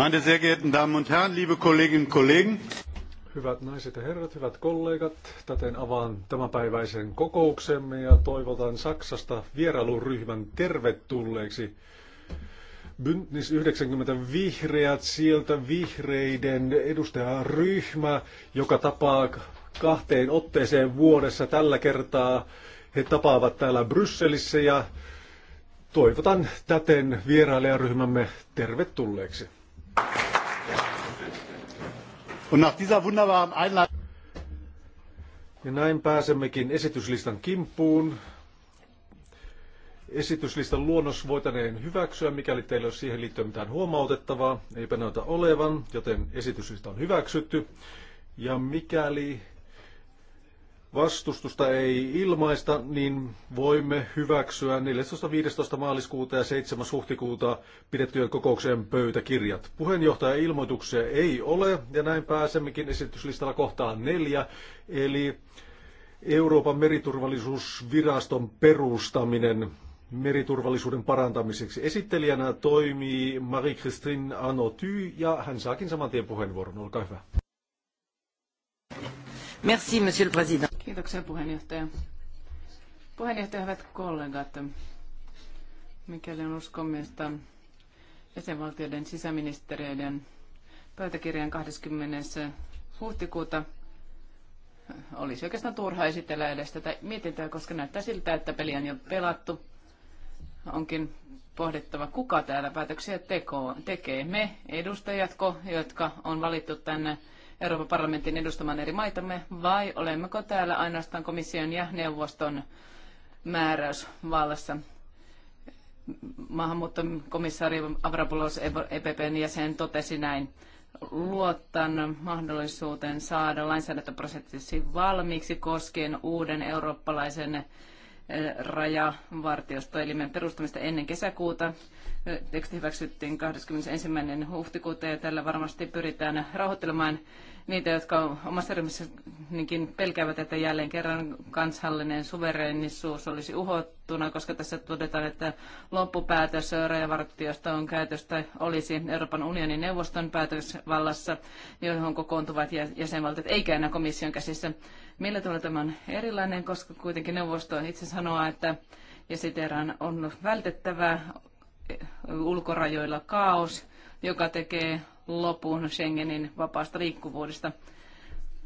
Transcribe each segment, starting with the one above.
Meine sehr geehrten Damen und Herren, liebe Kolleginnen und Kollegen. Hyvät naiset ja herrat, hyvät kollegat, täten avaan tämänpäiväisen kokouksemme ja toivotan Saksasta vierailuryhmän tervetulleeksi. Bündnis 90 vihreät, sieltä vihreiden edustajaryhmä, joka tapaa kahteen otteeseen vuodessa. Tällä kertaa he tapaavat täällä Brysselissä ja toivotan täten vierailijaryhmämme tervetulleeksi. Und nach dieser wunderbaren Einleitung ja näin pääsemmekin esityslistan kimppuun. Esityslistan luonnos voitaneen hyväksyä, mikäli teillä on siihen liittyen mitään huomautettavaa. Eipä näytä olevan, joten esityslista on hyväksytty. Ja mikäli vastustusta ei ilmaista, niin voimme hyväksyä 14.15. maaliskuuta ja 7. huhtikuuta pidettyjen kokoukseen pöytäkirjat. Puheenjohtajan ilmoituksia ei ole, ja näin pääsemmekin esityslistalla kohtaan neljä, eli Euroopan meriturvallisuusviraston perustaminen meriturvallisuuden parantamiseksi. Esittelijänä toimii Marie-Christine Anoty, ja hän saakin saman tien puheenvuoron. Olkaa hyvä. Merci, monsieur le président. Kiitoksia puheenjohtaja. Puheenjohtaja, hyvät kollegat. Mikäli on uskomista jäsenvaltioiden sisäministeriöiden pöytäkirjan 20. huhtikuuta olisi oikeastaan turha esitellä edes tätä mietintää, koska näyttää siltä, että peli on jo pelattu. Onkin pohdittava, kuka täällä päätöksiä teko, tekee. Me edustajatko, jotka on valittu tänne Euroopan parlamentin edustamaan eri maitamme, vai olemmeko täällä ainoastaan komission ja neuvoston määräysvallassa? Maahanmuuttokomissaari Avrapulos EPPn jäsen totesi näin luotan mahdollisuuteen saada lainsäädäntöprosessi valmiiksi koskien uuden eurooppalaisen eh, rajavartiostoelimen perustamista ennen kesäkuuta. Teksti hyväksyttiin 21. huhtikuuta ja tällä varmasti pyritään rauhoittelemaan niitä, jotka omassa ryhmässänikin pelkäävät, että jälleen kerran kansallinen suvereenisuus olisi uhottuna, koska tässä todetaan, että loppupäätös rajavartiosta on käytöstä olisi Euroopan unionin neuvoston päätösvallassa, johon kokoontuvat jäsenvaltiot, eikä enää komission käsissä. Millä tavalla tämä on erilainen, koska kuitenkin neuvosto itse sanoo, että ja siteraan on vältettävä ulkorajoilla kaos, joka tekee lopun Schengenin vapaasta liikkuvuudesta.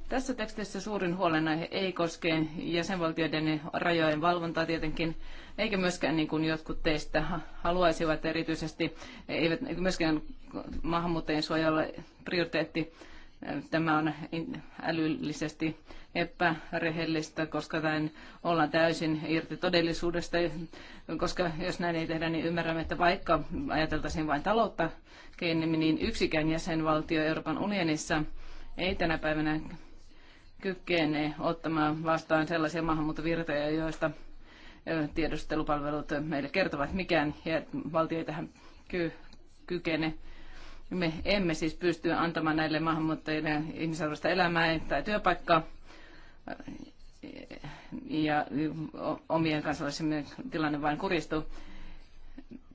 Tässä tekstissä suurin huolenaihe ei koske jäsenvaltioiden rajojen valvontaa tietenkin, eikä myöskään niin kuin jotkut teistä haluaisivat erityisesti, eivät myöskään maahanmuuttajien suojalla prioriteetti Tämä on älyllisesti epärehellistä, koska näin ollaan täysin irti todellisuudesta, koska jos näin ei tehdä, niin ymmärrämme, että vaikka ajateltaisiin vain taloutta keinemme, niin yksikään jäsenvaltio Euroopan unionissa ei tänä päivänä kykene ottamaan vastaan sellaisia maahanmuuttovirtoja, joista tiedustelupalvelut meille kertovat. Mikään valtio ei tähän ky- kykene. Me emme siis pysty antamaan näille maahanmuuttajille ihmisarvoista elämää tai työpaikkaa ja omien kansalaisemme tilanne vain kuristuu.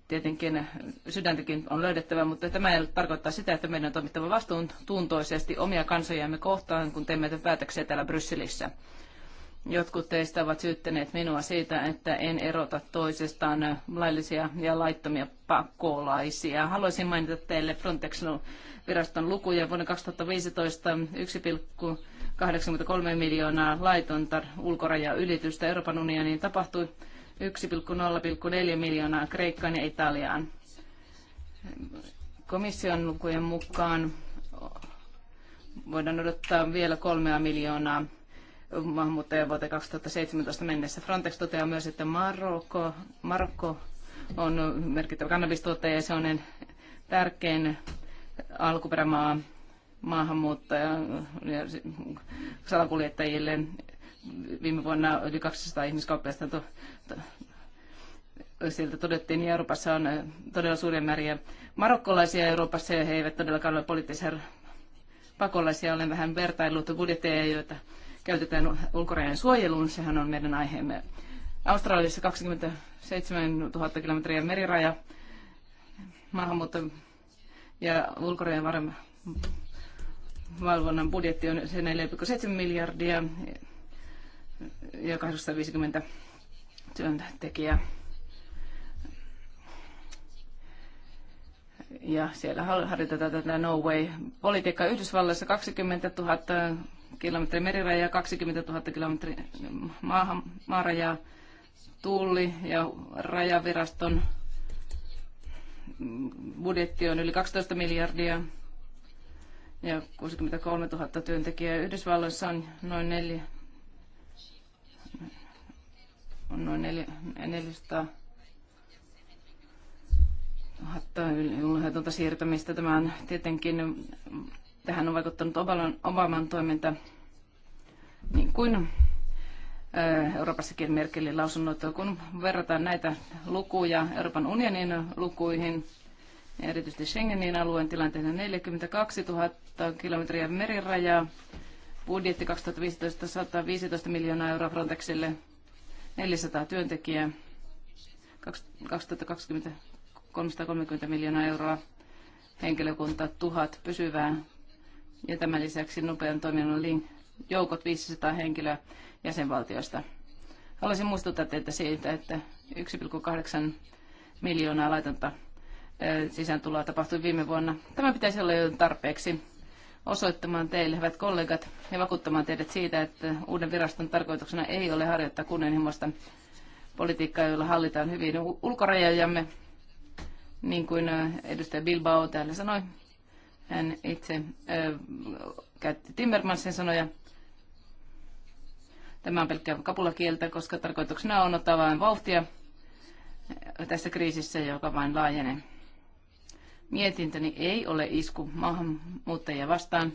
Tietenkin sydäntäkin on löydettävä, mutta tämä ei tarkoittaa sitä, että meidän on toimittava vastuuntuntoisesti omia kansojamme kohtaan, kun teemme päätöksiä täällä Brysselissä. Jotkut teistä ovat syyttäneet minua siitä, että en erota toisestaan laillisia ja laittomia pakolaisia. Haluaisin mainita teille Frontexin viraston lukuja. Vuonna 2015 1,83 miljoonaa laitonta ylitystä Euroopan unioniin tapahtui 1,0,4 miljoonaa Kreikkaan ja Italiaan. Komission lukujen mukaan voidaan odottaa vielä kolmea miljoonaa maahanmuuttajia vuoteen 2017 mennessä. Frontex toteaa myös, että Marokko, Marokko on merkittävä kannabistuottaja ja se on tärkein alkuperämaa maahanmuuttajan ja salakuljettajille. Viime vuonna yli 200 ihmiskauppiasta to, to, sieltä todettiin, niin Euroopassa on todella suuria määriä marokkolaisia Euroopassa ja he eivät todellakaan ole poliittisia pakolaisia. Olen vähän vertaillut budjetteja, joita käytetään ulkorajan suojeluun. Sehän on meidän aiheemme. Australiassa 27 000 kilometriä meriraja, maahanmuutto ja ulkorajan varma valvonnan budjetti on se 4,7 miljardia ja 850 työntekijää. Ja siellä harjoitetaan tätä no way-politiikkaa. Yhdysvalloissa 20 000 kilometriä merirajaa, 20 000 kilometriä maahan, maarajaa, tulli ja rajaviraston budjetti on yli 12 miljardia ja 63 000 työntekijää. Yhdysvalloissa on noin, neljä, on noin neljä, 400 000 ylhäältä siirtämistä. Tämä on tietenkin Tähän on vaikuttanut Obaman, Obaman toiminta, niin kuin Euroopassakin Merkelin lausunnoita, Kun verrataan näitä lukuja Euroopan unionin lukuihin, erityisesti Schengenin alueen tilanteena 42 000 kilometriä merirajaa, budjetti 2015 115 miljoonaa euroa Frontexille, 400 työntekijää, 2020 330 miljoonaa euroa, henkilökunta 1000 pysyvää ja tämän lisäksi nopean toiminnan link, joukot 500 henkilöä jäsenvaltioista. Haluaisin muistuttaa teitä siitä, että 1,8 miljoonaa laitonta sisääntuloa tapahtui viime vuonna. Tämä pitäisi olla jo tarpeeksi osoittamaan teille, hyvät kollegat, ja vakuuttamaan teidät siitä, että uuden viraston tarkoituksena ei ole harjoittaa kunnianhimoista politiikkaa, jolla hallitaan hyvin ulkorajajamme, niin kuin edustaja Bilbao täällä sanoi, hän itse äh, käytti Timmermansin sanoja. Tämä on pelkkää kapulakieltä, koska tarkoituksena on ottaa vain vauhtia tässä kriisissä, joka vain laajenee. Mietintöni ei ole isku maahanmuuttajia vastaan.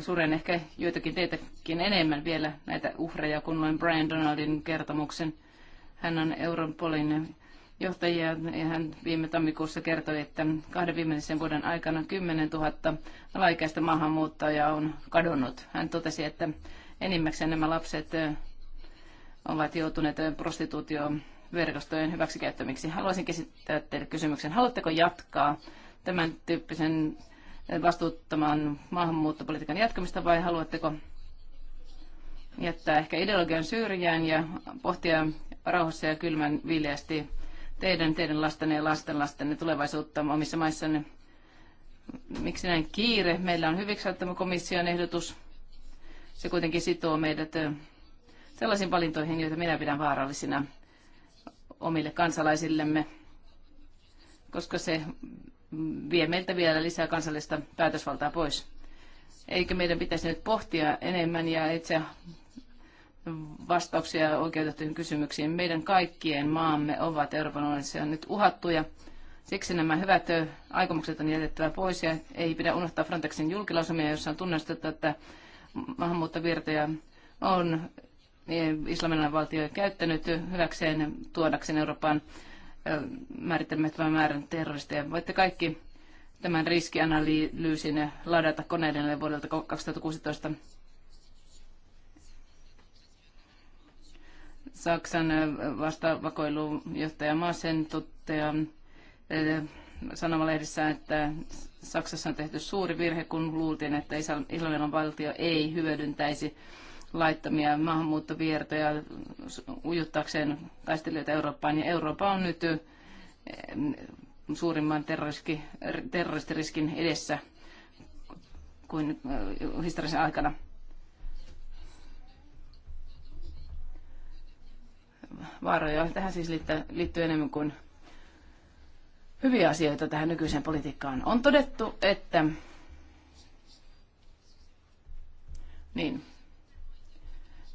Suren ehkä joitakin teitäkin enemmän vielä näitä uhreja, kun luin Brian Donaldin kertomuksen. Hän on Europolin johtajia. Ja hän viime tammikuussa kertoi, että kahden viimeisen vuoden aikana 10 000 alaikäistä maahanmuuttajaa on kadonnut. Hän totesi, että enimmäkseen nämä lapset ovat joutuneet prostituutioon verkostojen hyväksikäyttämiksi. Haluaisin esittää teille kysymyksen. Haluatteko jatkaa tämän tyyppisen vastuuttamaan maahanmuuttopolitiikan jatkamista vai haluatteko jättää ehkä ideologian syrjään ja pohtia rauhassa ja kylmän viileästi teidän, teidän lastenne ja lasten lastenne tulevaisuutta omissa maissanne. Miksi näin kiire? Meillä on hyviksi tämä komission ehdotus. Se kuitenkin sitoo meidät sellaisiin valintoihin, joita minä pidän vaarallisina omille kansalaisillemme, koska se vie meiltä vielä lisää kansallista päätösvaltaa pois. Eikö meidän pitäisi nyt pohtia enemmän ja itse vastauksia oikeutettuihin kysymyksiin. Meidän kaikkien maamme ovat Euroopan unionissa nyt uhattuja. Siksi nämä hyvät aikomukset on jätettävä pois ja ei pidä unohtaa Frontexin julkilausumia, jossa on tunnustettu, että maahanmuuttovirtoja on e, islamilainen valtio käyttänyt hyväkseen tuodakseen Euroopan määrittelemättömän määrän terroristeja. Voitte kaikki tämän riskianalyysin ladata koneiden vuodelta 2016 Saksan äh, johtaja Maasen toteaa äh, sanomalehdessä, että Saksassa on tehty suuri virhe, kun luultiin, että Israelin valtio ei hyödyntäisi laittomia maahanmuuttovirtoja ujuttaakseen taistelijoita Eurooppaan. Ja Eurooppa on nyt äh, suurimman terroristiriskin edessä kuin historiallisen aikana. vaaroja. Tähän siis liittyy enemmän kuin hyviä asioita tähän nykyiseen politiikkaan. On todettu, että niin,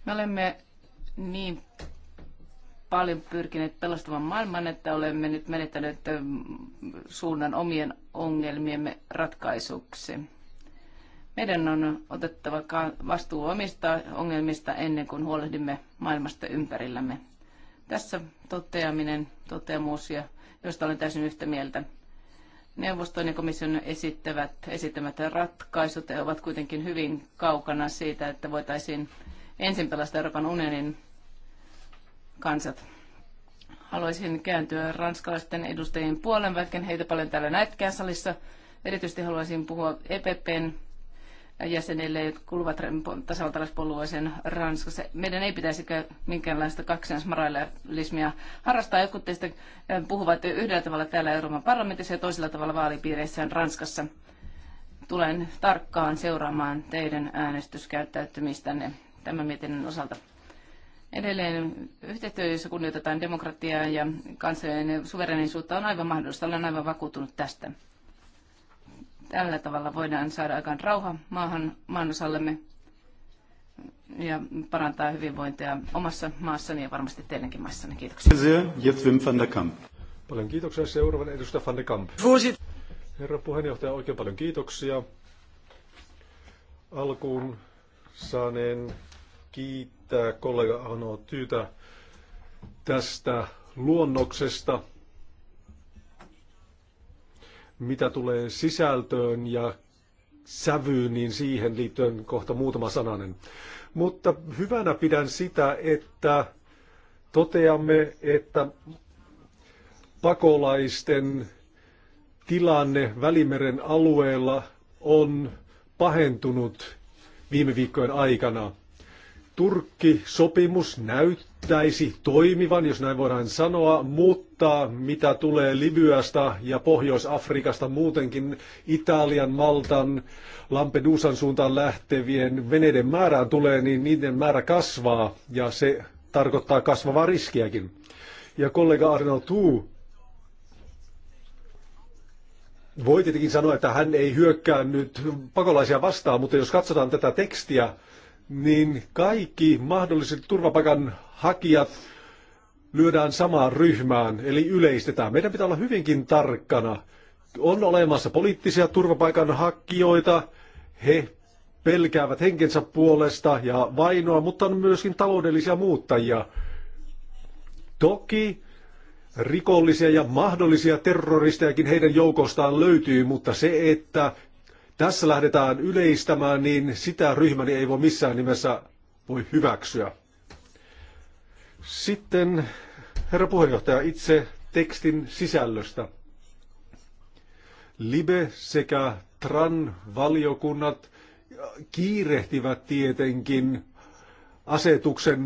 me olemme niin paljon pyrkineet pelastamaan maailman, että olemme nyt menettäneet suunnan omien ongelmiemme ratkaisuksi. Meidän on otettava vastuu omista ongelmista ennen kuin huolehdimme maailmasta ympärillämme. Tässä toteaminen, toteamus, ja josta olen täysin yhtä mieltä. Neuvoston ja komission esittävät, esittämät ratkaisut ovat kuitenkin hyvin kaukana siitä, että voitaisiin ensin pelastaa Euroopan unionin kansat. Haluaisin kääntyä ranskalaisten edustajien puolen, vaikka heitä paljon täällä näetkään salissa. Erityisesti haluaisin puhua EPPn jäsenille, jotka kuuluvat tasavaltalaispuolueeseen Ranskassa. Meidän ei pitäisi minkäänlaista kaksinaismoralismia harrastaa. Jotkut teistä puhuvat yhdellä tavalla täällä Euroopan parlamentissa ja toisella tavalla vaalipiireissään Ranskassa. Tulen tarkkaan seuraamaan teidän äänestyskäyttäytymistänne tämän mietinnön osalta. Edelleen yhteistyö, jossa kunnioitetaan demokratiaa ja kansallinen suverenisuutta, on aivan mahdollista. Olen aivan vakuutunut tästä. Tällä tavalla voidaan saada aikaan rauha maahan, maanosallemme ja parantaa hyvinvointia omassa maassani ja varmasti teidänkin maassanne. Kiitoksia. Jetzt Wim van der Kamp. Paljon kiitoksia. Seuraavan edustaja van der Kamp. Herra puheenjohtaja, oikein paljon kiitoksia. Alkuun saaneen kiittää kollega Ano Tyytä tästä luonnoksesta. Mitä tulee sisältöön ja sävyyn, niin siihen liittyen kohta muutama sananen. Mutta hyvänä pidän sitä, että toteamme, että pakolaisten tilanne Välimeren alueella on pahentunut viime viikkojen aikana. Turkki-sopimus näyttää, näyttäisi toimivan, jos näin voidaan sanoa, mutta mitä tulee Libyasta ja Pohjois-Afrikasta muutenkin Italian, Maltan, Lampedusan suuntaan lähtevien veneiden määrään tulee, niin niiden määrä kasvaa ja se tarkoittaa kasvavaa riskiäkin. Ja kollega Arnold Tuu voi tietenkin sanoa, että hän ei hyökkää nyt pakolaisia vastaan, mutta jos katsotaan tätä tekstiä, niin kaikki mahdolliset turvapaikan hakijat lyödään samaan ryhmään, eli yleistetään. Meidän pitää olla hyvinkin tarkkana. On olemassa poliittisia turvapaikanhakijoita, he pelkäävät henkensä puolesta ja vainoa, mutta on myöskin taloudellisia muuttajia. Toki rikollisia ja mahdollisia terroristejakin heidän joukostaan löytyy, mutta se, että tässä lähdetään yleistämään, niin sitä ryhmäni ei voi missään nimessä voi hyväksyä. Sitten herra puheenjohtaja itse tekstin sisällöstä. Libe sekä Tran valiokunnat kiirehtivät tietenkin asetuksen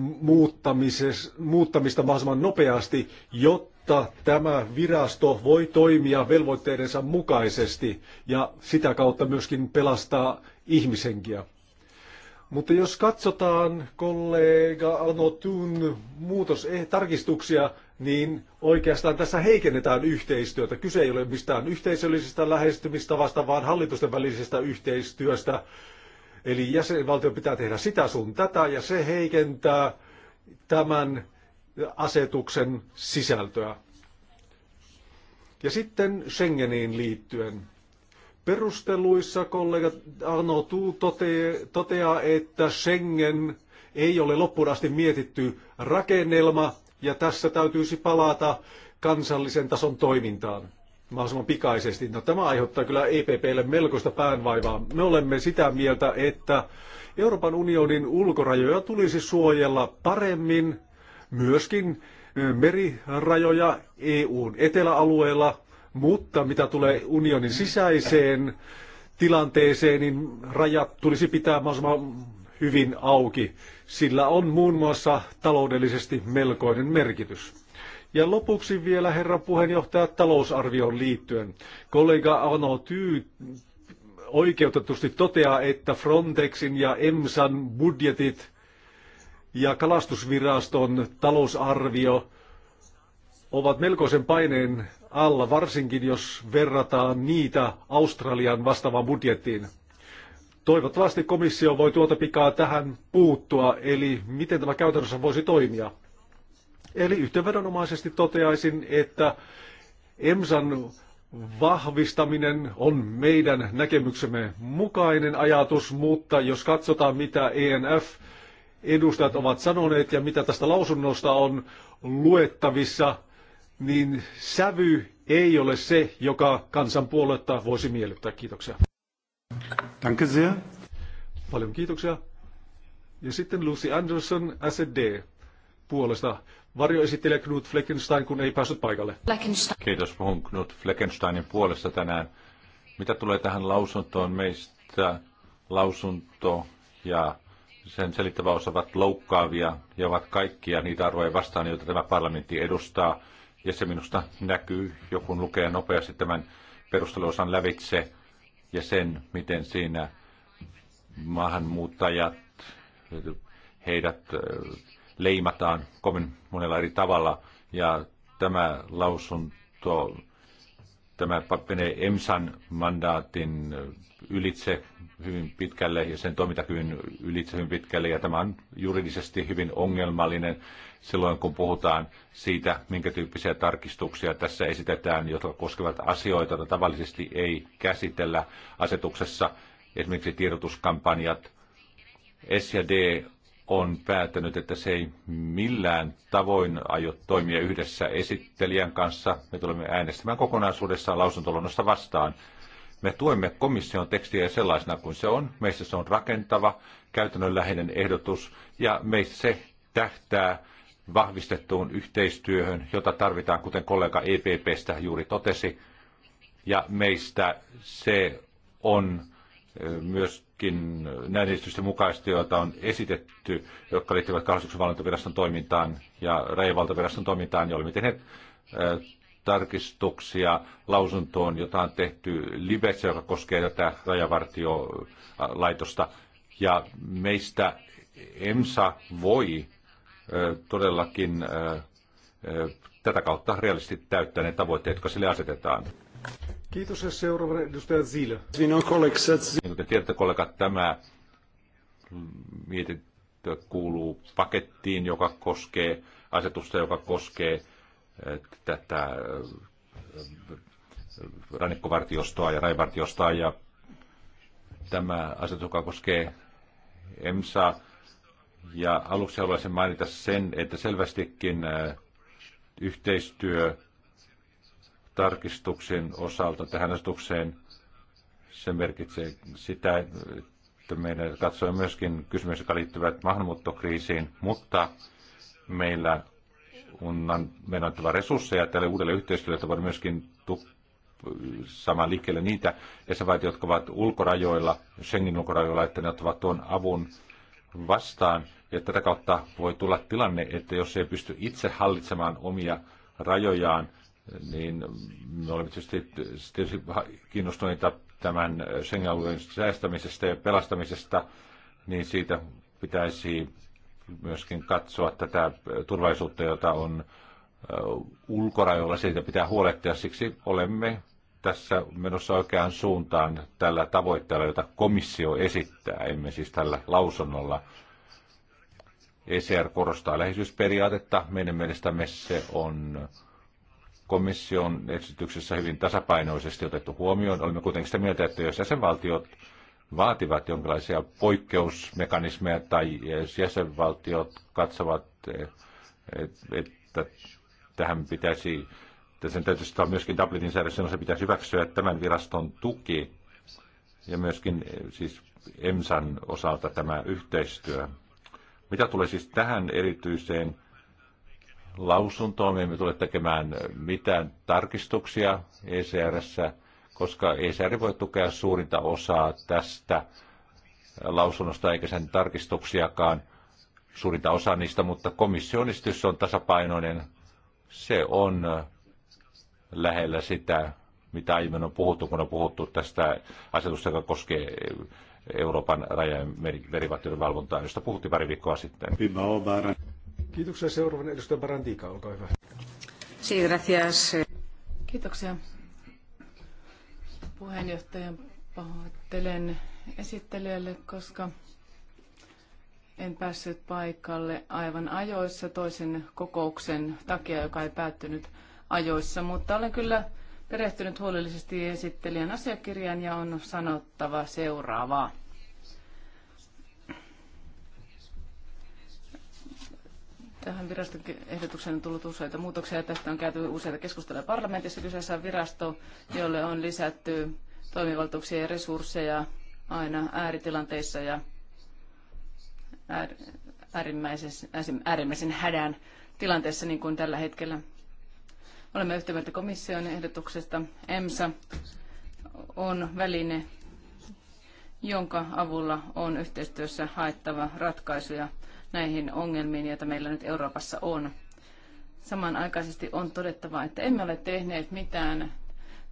muuttamista mahdollisimman nopeasti, jotta jotta tämä virasto voi toimia velvoitteidensa mukaisesti ja sitä kautta myöskin pelastaa ihmishenkiä. Mutta jos katsotaan kollega Alnotun muutos eh, tarkistuksia, niin oikeastaan tässä heikennetään yhteistyötä. Kyse ei ole mistään yhteisöllisestä lähestymistavasta, vaan hallitusten välisestä yhteistyöstä. Eli jäsenvaltio pitää tehdä sitä sun tätä, ja se heikentää tämän asetuksen sisältöä. Ja sitten Schengeniin liittyen. Perusteluissa kollega Arno Tuu toteaa, että Schengen ei ole loppuun asti mietitty rakennelma, ja tässä täytyisi palata kansallisen tason toimintaan mahdollisimman pikaisesti. No, tämä aiheuttaa kyllä EPPlle melkoista päänvaivaa. Me olemme sitä mieltä, että Euroopan unionin ulkorajoja tulisi suojella paremmin myöskin merirajoja EUn eteläalueella, mutta mitä tulee unionin sisäiseen tilanteeseen, niin rajat tulisi pitää mahdollisimman hyvin auki. Sillä on muun muassa taloudellisesti melkoinen merkitys. Ja lopuksi vielä herra puheenjohtaja talousarvioon liittyen. Kollega Ano Tyy oikeutetusti toteaa, että Frontexin ja EMSan budjetit ja kalastusviraston talousarvio ovat melkoisen paineen alla, varsinkin jos verrataan niitä Australian vastaavaan budjettiin. Toivottavasti komissio voi tuota pikaa tähän puuttua, eli miten tämä käytännössä voisi toimia. Eli yhteenvedonomaisesti toteaisin, että EMSAn vahvistaminen on meidän näkemyksemme mukainen ajatus, mutta jos katsotaan mitä ENF edustajat ovat sanoneet ja mitä tästä lausunnosta on luettavissa, niin sävy ei ole se, joka kansanpuoletta voisi miellyttää. Kiitoksia. Danke sehr. Paljon kiitoksia. Ja sitten Lucy Anderson, SD puolesta. esittelee Knut Fleckenstein, kun ei päässyt paikalle. Kiitos, puhun Knut Fleckensteinin puolesta tänään. Mitä tulee tähän lausuntoon meistä, lausunto ja sen selittävä osa ovat loukkaavia ja ovat kaikkia niitä arvoja vastaan, joita tämä parlamentti edustaa. Ja se minusta näkyy, joku lukee nopeasti tämän perusteluosan lävitse ja sen, miten siinä maahanmuuttajat, heidät leimataan kovin monella eri tavalla. Ja tämä lausunto Tämä menee EMSAn mandaatin ylitse hyvin pitkälle ja sen toimintakyvyn ylitse hyvin pitkälle. Ja tämä on juridisesti hyvin ongelmallinen silloin, kun puhutaan siitä, minkä tyyppisiä tarkistuksia tässä esitetään, jotka koskevat asioita, joita tavallisesti ei käsitellä asetuksessa. Esimerkiksi tiedotuskampanjat. S ja D on päättänyt, että se ei millään tavoin aio toimia yhdessä esittelijän kanssa. Me tulemme äänestämään kokonaisuudessaan lausuntolonnosta vastaan. Me tuemme komission tekstiä sellaisena kuin se on. Meissä se on rakentava, käytännönläheinen ehdotus ja meistä se tähtää vahvistettuun yhteistyöhön, jota tarvitaan, kuten kollega EPPstä juuri totesi. Ja meistä se on myös myöskin näiden esitysten mukaisesti, joita on esitetty, jotka liittyvät kalastuksen valintaviraston toimintaan ja rajavaltaviraston toimintaan, ja olemme tehneet tarkistuksia lausuntoon, jota on tehty Libessä, joka koskee tätä rajavartiolaitosta. Ja meistä EMSA voi todellakin tätä kautta realistisesti täyttää ne tavoitteet, jotka sille asetetaan. Kiitos ja seuraavana edustaja Zilö. Niin kuten tiedätte kollegat, tämä mietintö kuuluu pakettiin, joka koskee asetusta, joka koskee eh, tätä eh, rannikkovartiostoa ja raivartiostoa ja tämä asetus, joka koskee EMSA. Ja aluksi haluaisin mainita sen, että selvästikin eh, yhteistyö tarkistuksen osalta tähän asetukseen. Se merkitsee sitä, että meidän katsoa myöskin kysymys, joka liittyvät maahanmuuttokriisiin, mutta meillä on, menettävä resursseja tälle uudelle yhteistyölle, että voidaan myöskin saman liikkeelle niitä jäsenvaltioita, jotka ovat ulkorajoilla, Schengen ulkorajoilla, että ne ottavat tuon avun vastaan. Ja tätä kautta voi tulla tilanne, että jos ei pysty itse hallitsemaan omia rajojaan, niin me olemme tietysti, tietysti kiinnostuneita tämän Schengen-alueen säästämisestä ja pelastamisesta, niin siitä pitäisi myöskin katsoa tätä turvallisuutta, jota on ulkorajoilla. Siitä pitää huolehtia, siksi olemme tässä menossa oikeaan suuntaan tällä tavoitteella, jota komissio esittää, emme siis tällä lausunnolla. ECR korostaa läheisyysperiaatetta. Meidän mielestämme se on komission esityksessä hyvin tasapainoisesti otettu huomioon. Olemme kuitenkin sitä mieltä, että jos jäsenvaltiot vaativat jonkinlaisia poikkeusmekanismeja tai jäsenvaltiot katsovat, eh, että tähän pitäisi, että sen täytyisi olla myöskin Dublinin säädös, se pitäisi hyväksyä tämän viraston tuki ja myöskin eh, siis EMSAn osalta tämä yhteistyö. Mitä tulee siis tähän erityiseen lausuntoa, Me emme tule tekemään mitään tarkistuksia ECRssä, koska ECR voi tukea suurinta osaa tästä lausunnosta eikä sen tarkistuksiakaan suurinta osaa niistä, mutta komission esitys on tasapainoinen. Se on lähellä sitä, mitä aiemmin on puhuttu, kun on puhuttu tästä asetusta, joka koskee Euroopan rajan merivaltioiden valvontaa, josta puhuttiin pari viikkoa sitten. Kiitoksia. Seuraavan edustaja Barandika, olkaa hyvä. Sí, gracias. Kiitoksia. Puheenjohtaja, pahoittelen esittelijälle, koska en päässyt paikalle aivan ajoissa toisen kokouksen takia, joka ei päättynyt ajoissa, mutta olen kyllä perehtynyt huolellisesti esittelijän asiakirjan ja on sanottava seuraavaa. Tähän viraston ehdotukseen on tullut useita muutoksia. Tästä on käyty useita keskusteluja parlamentissa. Kyseessä on virasto, jolle on lisätty toimivaltuuksia ja resursseja aina ääritilanteissa ja äärimmäisen hädän tilanteessa, niin kuin tällä hetkellä. Olemme yhtä mieltä komission ehdotuksesta. EMSA on väline, jonka avulla on yhteistyössä haettava ratkaisuja näihin ongelmiin, joita meillä nyt Euroopassa on. Samanaikaisesti on todettava, että emme ole tehneet mitään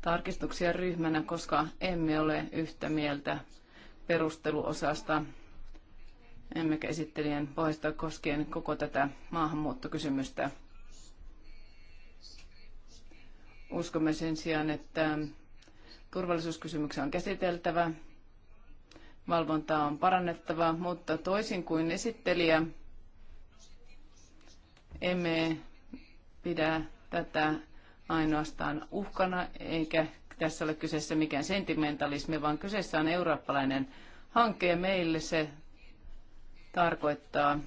tarkistuksia ryhmänä, koska emme ole yhtä mieltä perusteluosasta, emmekä esittelijän pohjasta koskien koko tätä maahanmuuttokysymystä. Uskomme sen sijaan, että turvallisuuskysymyksiä on käsiteltävä valvontaa on parannettava, mutta toisin kuin esittelijä, emme pidä tätä ainoastaan uhkana, eikä tässä ole kyseessä mikään sentimentalismi, vaan kyseessä on eurooppalainen hanke ja meille se tarkoittaa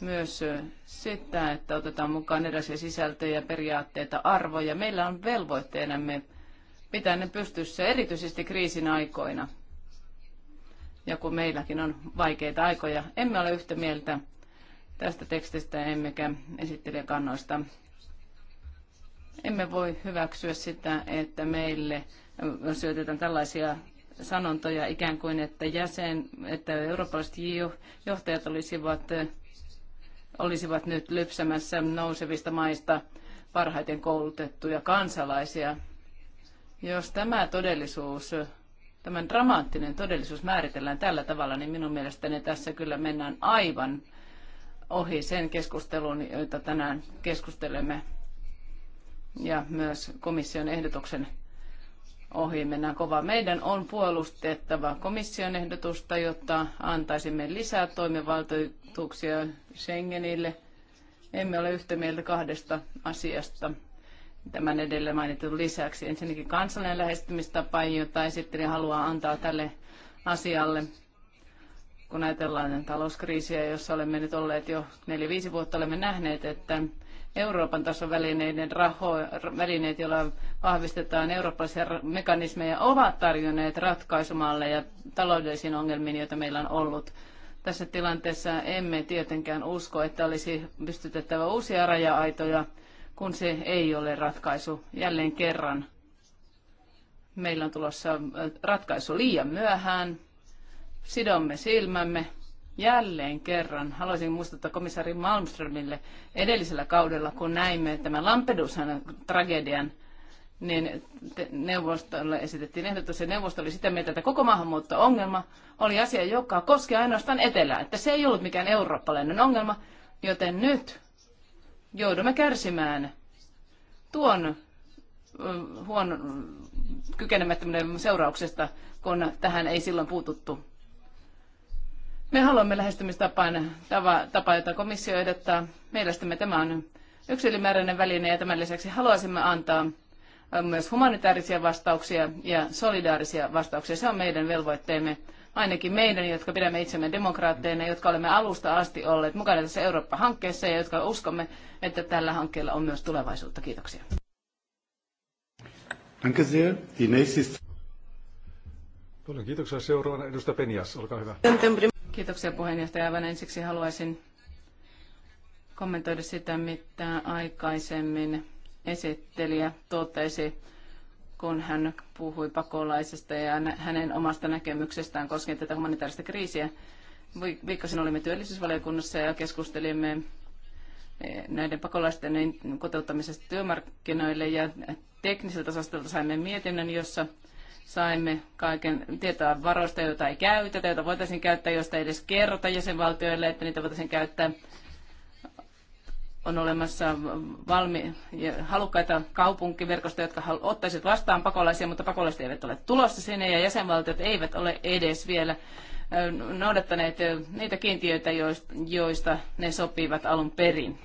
myös sitä, että otetaan mukaan erilaisia sisältöjä, periaatteita, arvoja. Meillä on velvoitteenamme pitää ne pystyssä erityisesti kriisin aikoina ja kun meilläkin on vaikeita aikoja. Emme ole yhtä mieltä tästä tekstistä emmekä esittelijä kannoista. Emme voi hyväksyä sitä, että meille syötetään tällaisia sanontoja ikään kuin, että, jäsen, että eurooppalaiset johtajat olisivat, olisivat nyt lypsämässä nousevista maista parhaiten koulutettuja kansalaisia. Jos tämä todellisuus tämän dramaattinen todellisuus määritellään tällä tavalla, niin minun mielestäni tässä kyllä mennään aivan ohi sen keskustelun, jota tänään keskustelemme, ja myös komission ehdotuksen ohi mennään kova. Meidän on puolustettava komission ehdotusta, jotta antaisimme lisää toimivaltuuksia Schengenille. Emme ole yhtä mieltä kahdesta asiasta tämän edellä mainitun lisäksi. Ensinnäkin kansallinen lähestymistapa, jota esittelijä haluaa antaa tälle asialle. Kun ajatellaan talouskriisiä, jossa olemme nyt olleet jo 4-5 vuotta, olemme nähneet, että Euroopan tason välineiden raho, välineet, joilla vahvistetaan eurooppalaisia mekanismeja, ovat tarjonneet ratkaisumalleja taloudellisiin ongelmiin, joita meillä on ollut. Tässä tilanteessa emme tietenkään usko, että olisi pystytettävä uusia raja-aitoja kun se ei ole ratkaisu. Jälleen kerran meillä on tulossa äh, ratkaisu liian myöhään. Sidomme silmämme jälleen kerran. Haluaisin muistuttaa komissaari Malmströmille edellisellä kaudella, kun näimme tämän Lampedusan tragedian, niin neuvostolle esitettiin ehdotus, ja neuvosto oli sitä mieltä, että koko maahanmuutto-ongelma oli asia, joka koski ainoastaan etelää, että se ei ollut mikään eurooppalainen ongelma, joten nyt joudumme kärsimään tuon huon kykenemättömyyden seurauksesta, kun tähän ei silloin puututtu. Me haluamme lähestymistapaan tapa, tapa jota komissio ehdottaa. Mielestämme tämä on yksi ylimääräinen väline ja tämän lisäksi haluaisimme antaa myös humanitaarisia vastauksia ja solidaarisia vastauksia. Se on meidän velvoitteemme ainakin meidän, jotka pidämme itsemme demokraatteina, jotka olemme alusta asti olleet mukana tässä Eurooppa-hankkeessa ja jotka uskomme, että tällä hankkeella on myös tulevaisuutta. Kiitoksia. Paljon kiitoksia. Seuraavana edustaja Penias, olkaa hyvä. Kiitoksia puheenjohtaja. Aivan ensiksi haluaisin kommentoida sitä, mitä aikaisemmin esittelijä totesi kun hän puhui pakolaisesta ja hänen omasta näkemyksestään koskien tätä humanitaarista kriisiä. Viikkosin olimme työllisyysvaliokunnassa ja keskustelimme eh, näiden pakolaisten kotouttamisesta työmarkkinoille ja tekniseltä osastolta saimme mietinnön, jossa saimme kaiken tietoa varoista, joita ei käytetä, joita voitaisiin käyttää, joista ei edes kerrota jäsenvaltioille, että niitä voitaisiin käyttää on olemassa valmi, halukkaita kaupunkiverkostoja, jotka ottaisivat vastaan pakolaisia, mutta pakolaiset eivät ole tulossa sinne ja jäsenvaltiot eivät ole edes vielä noudattaneet niitä kiintiöitä, joista ne sopivat alun perin.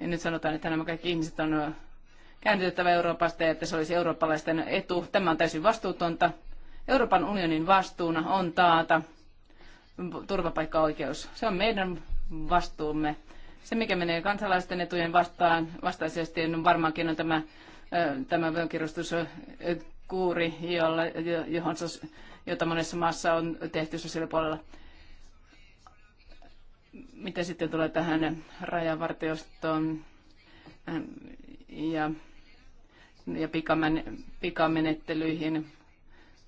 Ja nyt sanotaan, että nämä kaikki ihmiset on käännytettävä Euroopasta ja että se olisi eurooppalaisten etu. Tämä on täysin vastuutonta. Euroopan unionin vastuuna on taata turvapaikkaoikeus. Se on meidän vastuumme. Se, mikä menee kansalaisten etujen vastaan, vastaisesti on varmaankin on tämä, tämä vyönkirustuskuuri, jolla, johon, jota monessa maassa on tehty sosiaalipuolella. Mitä sitten tulee tähän rajavartiostoon ähm, ja, ja pikamen, pikamenettelyihin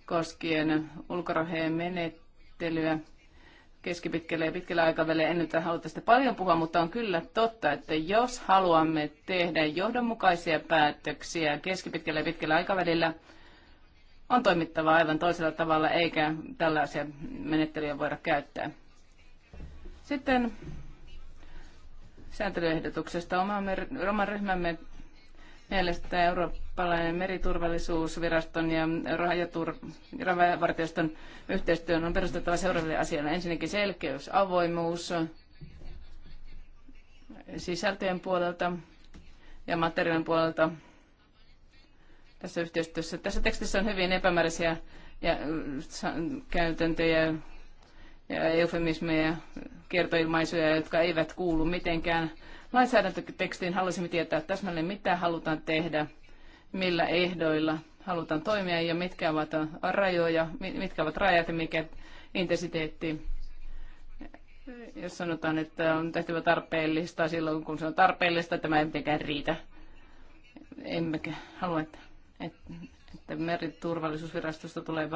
koskien ulkorahojen menettelyä? keskipitkällä ja pitkällä aikavälillä. En nyt halua tästä paljon puhua, mutta on kyllä totta, että jos haluamme tehdä johdonmukaisia päätöksiä keskipitkällä ja pitkällä aikavälillä, on toimittava aivan toisella tavalla, eikä tällaisia menettelyjä voida käyttää. Sitten sääntelyehdotuksesta. oman ryhmämme mielestä eurooppalainen meriturvallisuusviraston ja rajavartioston yhteistyön on perustettava seuraaville asioille. Ensinnäkin selkeys, avoimuus sisältöjen puolelta ja materiaalin puolelta tässä yhteistyössä. Tässä tekstissä on hyvin epämääräisiä ja mm, käytäntöjä ja eufemismeja, kiertoilmaisuja, jotka eivät kuulu mitenkään lainsäädäntötekstiin haluaisimme tietää täsmälleen, mitä halutaan tehdä, millä ehdoilla halutaan toimia ja mitkä ovat rajoja, mitkä ovat rajat ja mikä intensiteetti. Jos sanotaan, että on tehtävä tarpeellista silloin, kun se on tarpeellista, tämä ei mitenkään riitä. Emmekä halua, että, että, että meriturvallisuusvirastosta tulee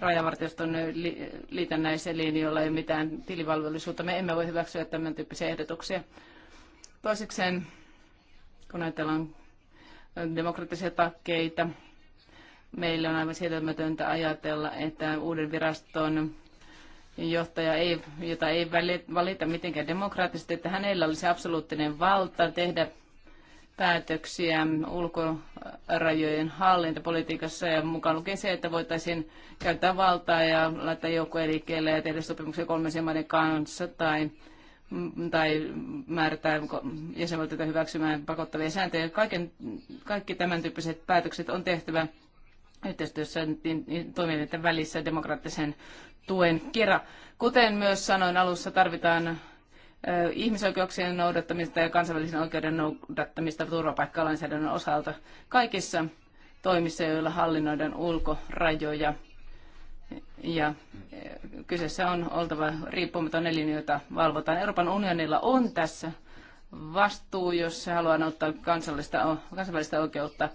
rajavartioston liitännäiseliin, jolla ei ole mitään tilivalvollisuutta. Me emme voi hyväksyä tämän tyyppisiä ehdotuksia. Toisekseen, kun ajatellaan demokraattisia takkeita, meille on aivan sietämätöntä ajatella, että uuden viraston johtaja, ei, jota ei valita mitenkään demokraattisesti, että hänellä olisi absoluuttinen valta tehdä päätöksiä ulkorajojen hallintapolitiikassa ja mukaan lukien se, että voitaisiin käyttää valtaa ja laittaa joukkoja liikkeelle ja tehdä sopimuksia kolmansien maiden kanssa tai tai määrätään jäsenvaltioita hyväksymään pakottavia sääntöjä. Kaiken, kaikki tämän tyyppiset päätökset on tehtävä yhteistyössä niin, niin toimijoiden välissä demokraattisen tuen kera. Kuten myös sanoin alussa, tarvitaan ihmisoikeuksien noudattamista ja kansainvälisen oikeuden noudattamista turvapaikkalainsäädännön osalta kaikissa toimissa, joilla hallinnoidaan ulkorajoja. Ja e, kyseessä on oltava riippumaton elin, jota valvotaan. Euroopan unionilla on tässä vastuu, jos se haluaa ottaa kansallista, kansainvälistä oikeutta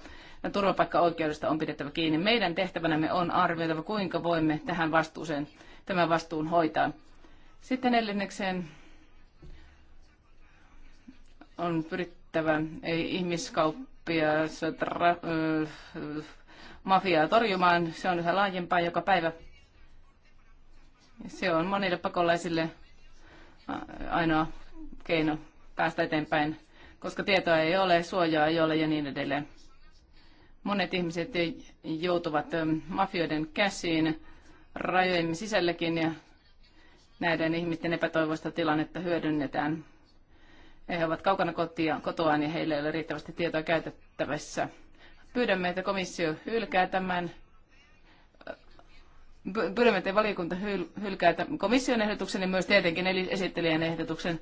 ja turvapaikkaoikeudesta on pidettävä kiinni. Meidän tehtävänämme on arvioitava, kuinka voimme tähän vastuuseen, tämän vastuun hoitaa. Sitten neljännekseen on pyrittävä ihmiskauppia, mafiaa torjumaan. Se on yhä laajempaa joka päivä. Se on monille pakolaisille ainoa keino päästä eteenpäin, koska tietoa ei ole, suojaa ei ole ja niin edelleen. Monet ihmiset joutuvat mafioiden käsiin rajojemme sisälläkin ja näiden ihmisten epätoivoista tilannetta hyödynnetään. He ovat kaukana kotia, kotoaan ja heillä ei ole riittävästi tietoa käytettävissä. Pyydämme, että komissio hylkää tämän pyydämme, että valiokunta hylkää tämän komission ehdotuksen ja myös tietenkin esittelijän ehdotuksen.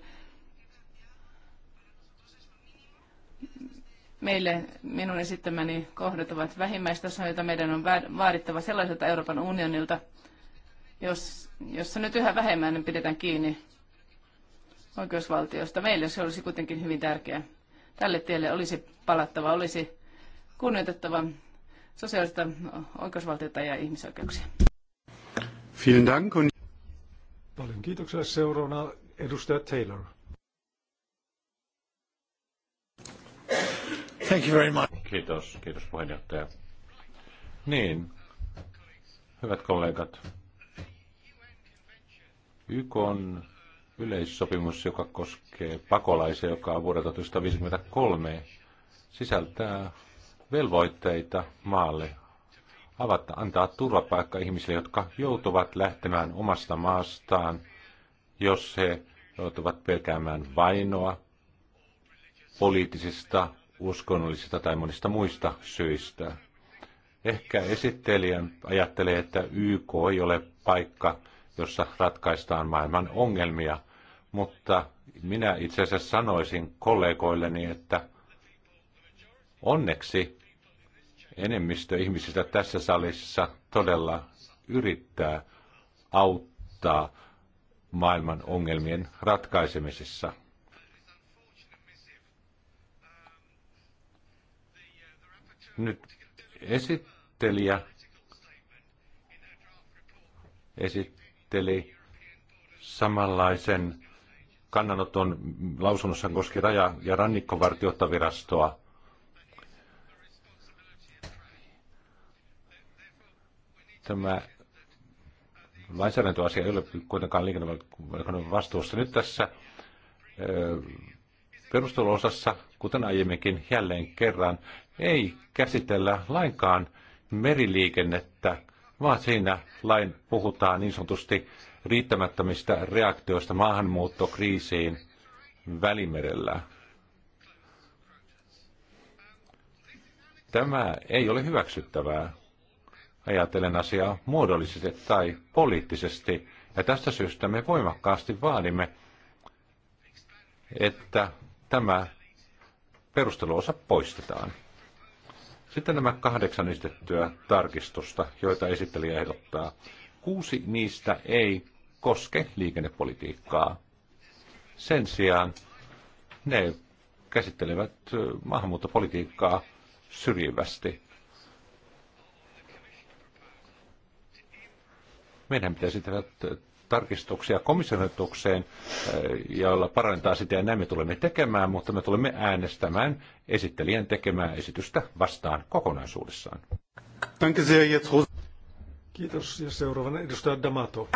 Meille minun esittämäni kohdat ovat vähimmäistasoja, joita meidän on vaadittava sellaiselta Euroopan unionilta, jos, jossa nyt yhä vähemmän niin pidetään kiinni oikeusvaltiosta. Meille se olisi kuitenkin hyvin tärkeää. Tälle tielle olisi palattava, olisi kunnioitettava sosiaalista oikeusvaltiota ja ihmisoikeuksia. Vielen Dank. Paljon kiitoksia. Seuraavana edustaja Taylor. Thank you very much. Kiitos, kiitos puheenjohtaja. Niin, hyvät kollegat. YK on yleissopimus, joka koskee pakolaisia, joka on vuodelta 1953, sisältää velvoitteita maalle avata, antaa turvapaikka ihmisille, jotka joutuvat lähtemään omasta maastaan, jos he joutuvat pelkäämään vainoa poliittisista, uskonnollisista tai monista muista syistä. Ehkä esittelijä ajattelee, että YK ei ole paikka, jossa ratkaistaan maailman ongelmia, mutta minä itse asiassa sanoisin kollegoilleni, että onneksi enemmistö ihmisistä tässä salissa todella yrittää auttaa maailman ongelmien ratkaisemisessa. Nyt esittelijä esitteli samanlaisen kannanoton lausunnossa koski raja- ja rannikkovartiottavirastoa. Tämä lainsäädäntöasia ei ole kuitenkaan liikennevaliokunnan vastuussa. Nyt tässä perusteluosassa, kuten aiemminkin jälleen kerran, ei käsitellä lainkaan meriliikennettä, vaan siinä lain puhutaan niin sanotusti riittämättömistä reaktioista maahanmuuttokriisiin Välimerellä. Tämä ei ole hyväksyttävää ajatellen asiaa muodollisesti tai poliittisesti. Ja tästä syystä me voimakkaasti vaadimme, että tämä perusteluosa poistetaan. Sitten nämä kahdeksan esitettyä tarkistusta, joita esittelijä ehdottaa. Kuusi niistä ei koske liikennepolitiikkaa. Sen sijaan ne käsittelevät äh, maahanmuuttopolitiikkaa syrjivästi. meidän pitäisi tehdä tarkistuksia komissiohjelmatukseen, joilla parantaa sitä, ja näin me tulemme tekemään, mutta me tulemme äänestämään esittelijän tekemää esitystä vastaan kokonaisuudessaan. Kiitos, ja seuraavana edustaja D'Amato.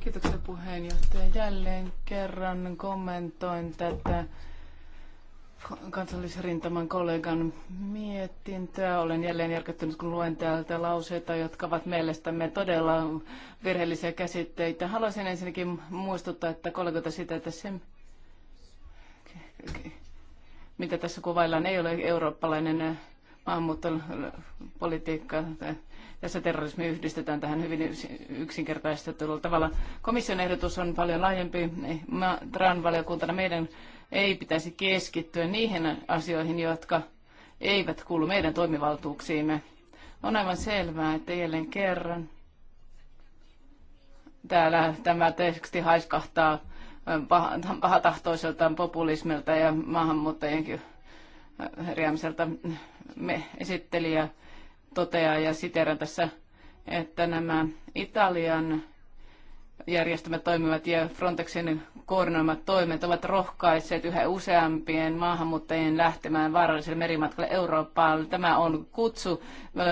Kiitoksia puheenjohtaja. Jälleen kerran kommentoin tätä kansallisrintaman kollegan mietintöä. Olen jälleen järkyttynyt, kun luen täältä lauseita, jotka ovat mielestämme todella virheellisiä käsitteitä. Haluaisin ensinnäkin muistuttaa, että kollegoita sitä, että se, mitä tässä kuvaillaan, ei ole eurooppalainen maahanmuuttopolitiikka. Tässä terrorismi yhdistetään tähän hyvin yksinkertaistetulla tavalla. Komission ehdotus on paljon laajempi. TRAN-valiokuntana meidän ei pitäisi keskittyä niihin asioihin, jotka eivät kuulu meidän toimivaltuuksiimme. On aivan selvää, että jälleen kerran täällä tämä teksti haiskahtaa pahatahtoiselta populismilta ja maahanmuuttajienkin herjäämiseltä me esittelijä toteaa ja siteran tässä, että nämä Italian järjestämät toimivat ja Frontexin koordinoimat toimet ovat rohkaisseet yhä useampien maahanmuuttajien lähtemään vaaralliselle merimatkalle Eurooppaan. Tämä on kutsu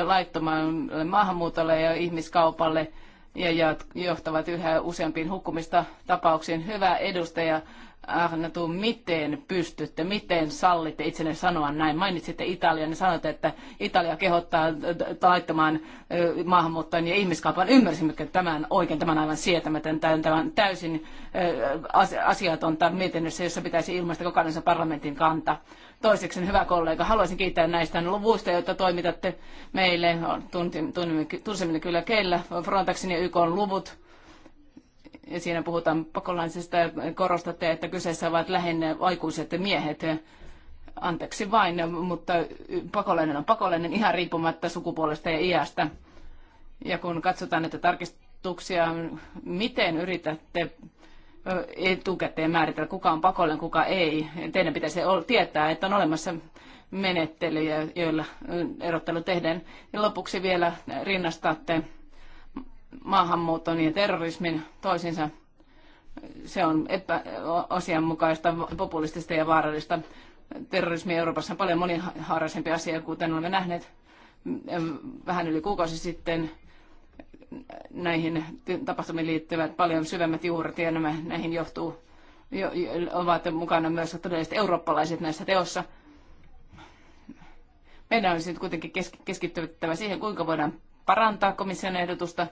laittomalle maahanmuutolle ja ihmiskaupalle ja johtavat yhä useampiin hukkumista tapauksiin. Hyvä edustaja, tuu, miten pystytte, miten sallitte itsenne sanoa näin. Mainitsitte Italian ja sanoitte, että Italia kehottaa laittamaan maahanmuuttajan ja ihmiskaupan. Ymmärsimmekö tämän oikein? Tämän aivan sietämätön, tämän täysin asiatonta mietinnössä, jossa pitäisi ilmaista kokonaisen parlamentin kanta. Toiseksi, hyvä kollega, haluaisin kiittää näistä luvuista, joita toimitatte meille. Tunsimme kyllä keillä Frontexin ja YK luvut siinä puhutaan pakolaisista ja korostatte, että kyseessä ovat lähinnä aikuiset miehet. Anteeksi vain, mutta pakolainen on pakolainen ihan riippumatta sukupuolesta ja iästä. Ja kun katsotaan näitä tarkistuksia, miten yritätte etukäteen määritellä, kuka on pakollinen, kuka ei. Teidän pitäisi tietää, että on olemassa menettelyjä, joilla erottelu tehdään. Ja lopuksi vielä rinnastatte maahanmuuton ja terrorismin toisinsa. Se on epäosianmukaista populistista ja vaarallista. Terrorismi Euroopassa on paljon monihaaraisempi asia, kuten olemme nähneet vähän yli kuukausi sitten näihin tapahtumiin liittyvät paljon syvemmät juuret ja nämä, näihin johtuu, jo, ovat mukana myös todelliset eurooppalaiset näissä teossa. Meidän olisi kuitenkin keskityttävä siihen, kuinka voidaan parantaa komission ehdotusta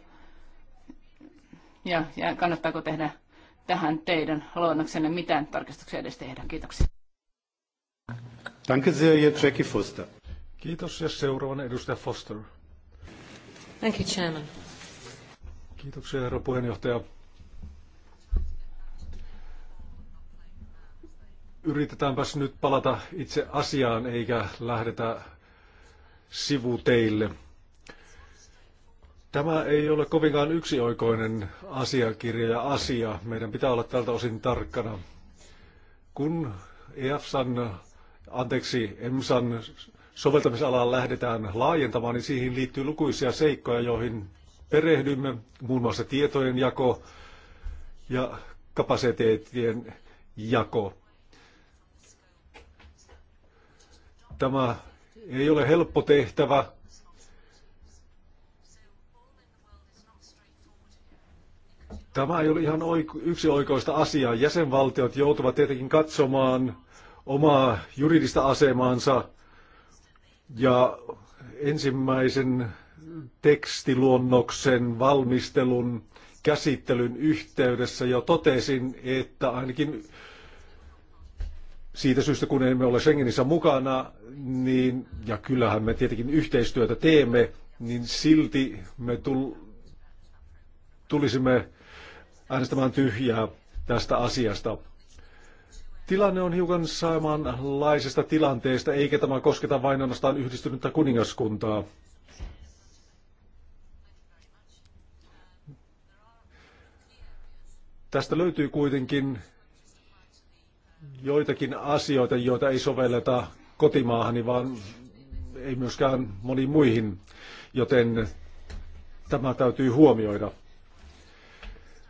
ja, ja kannattaako tehdä tähän teidän luonnoksenne mitään tarkistuksia edes tehdä? Kiitoksia. Danke sehr, Jackie Foster. Kiitos ja seuraavana edustaja Foster. Thank you, Chairman. Kiitoksia, herra puheenjohtaja. Yritetäänpäs nyt palata itse asiaan eikä lähdetä sivuteille. Tämä ei ole kovinkaan yksioikoinen asiakirja ja asia. Meidän pitää olla tältä osin tarkkana. Kun EFSAn, anteeksi, EMSAn soveltamisalaa lähdetään laajentamaan, niin siihen liittyy lukuisia seikkoja, joihin perehdymme, muun muassa tietojen jako ja kapasiteettien jako. Tämä ei ole helppo tehtävä, Tämä ei ole ihan oik- yksioikoista asiaa. Jäsenvaltiot joutuvat tietenkin katsomaan omaa juridista asemaansa ja ensimmäisen tekstiluonnoksen valmistelun käsittelyn yhteydessä jo totesin, että ainakin siitä syystä, kun emme ole Schengenissä mukana, niin, ja kyllähän me tietenkin yhteistyötä teemme, niin silti me tul- tulisimme äänestämään tyhjää tästä asiasta. Tilanne on hiukan samanlaisesta tilanteesta, eikä tämä kosketa vain ainoastaan yhdistynyttä kuningaskuntaa. Tästä löytyy kuitenkin joitakin asioita, joita ei sovelleta kotimaahani, vaan ei myöskään moniin muihin, joten tämä täytyy huomioida.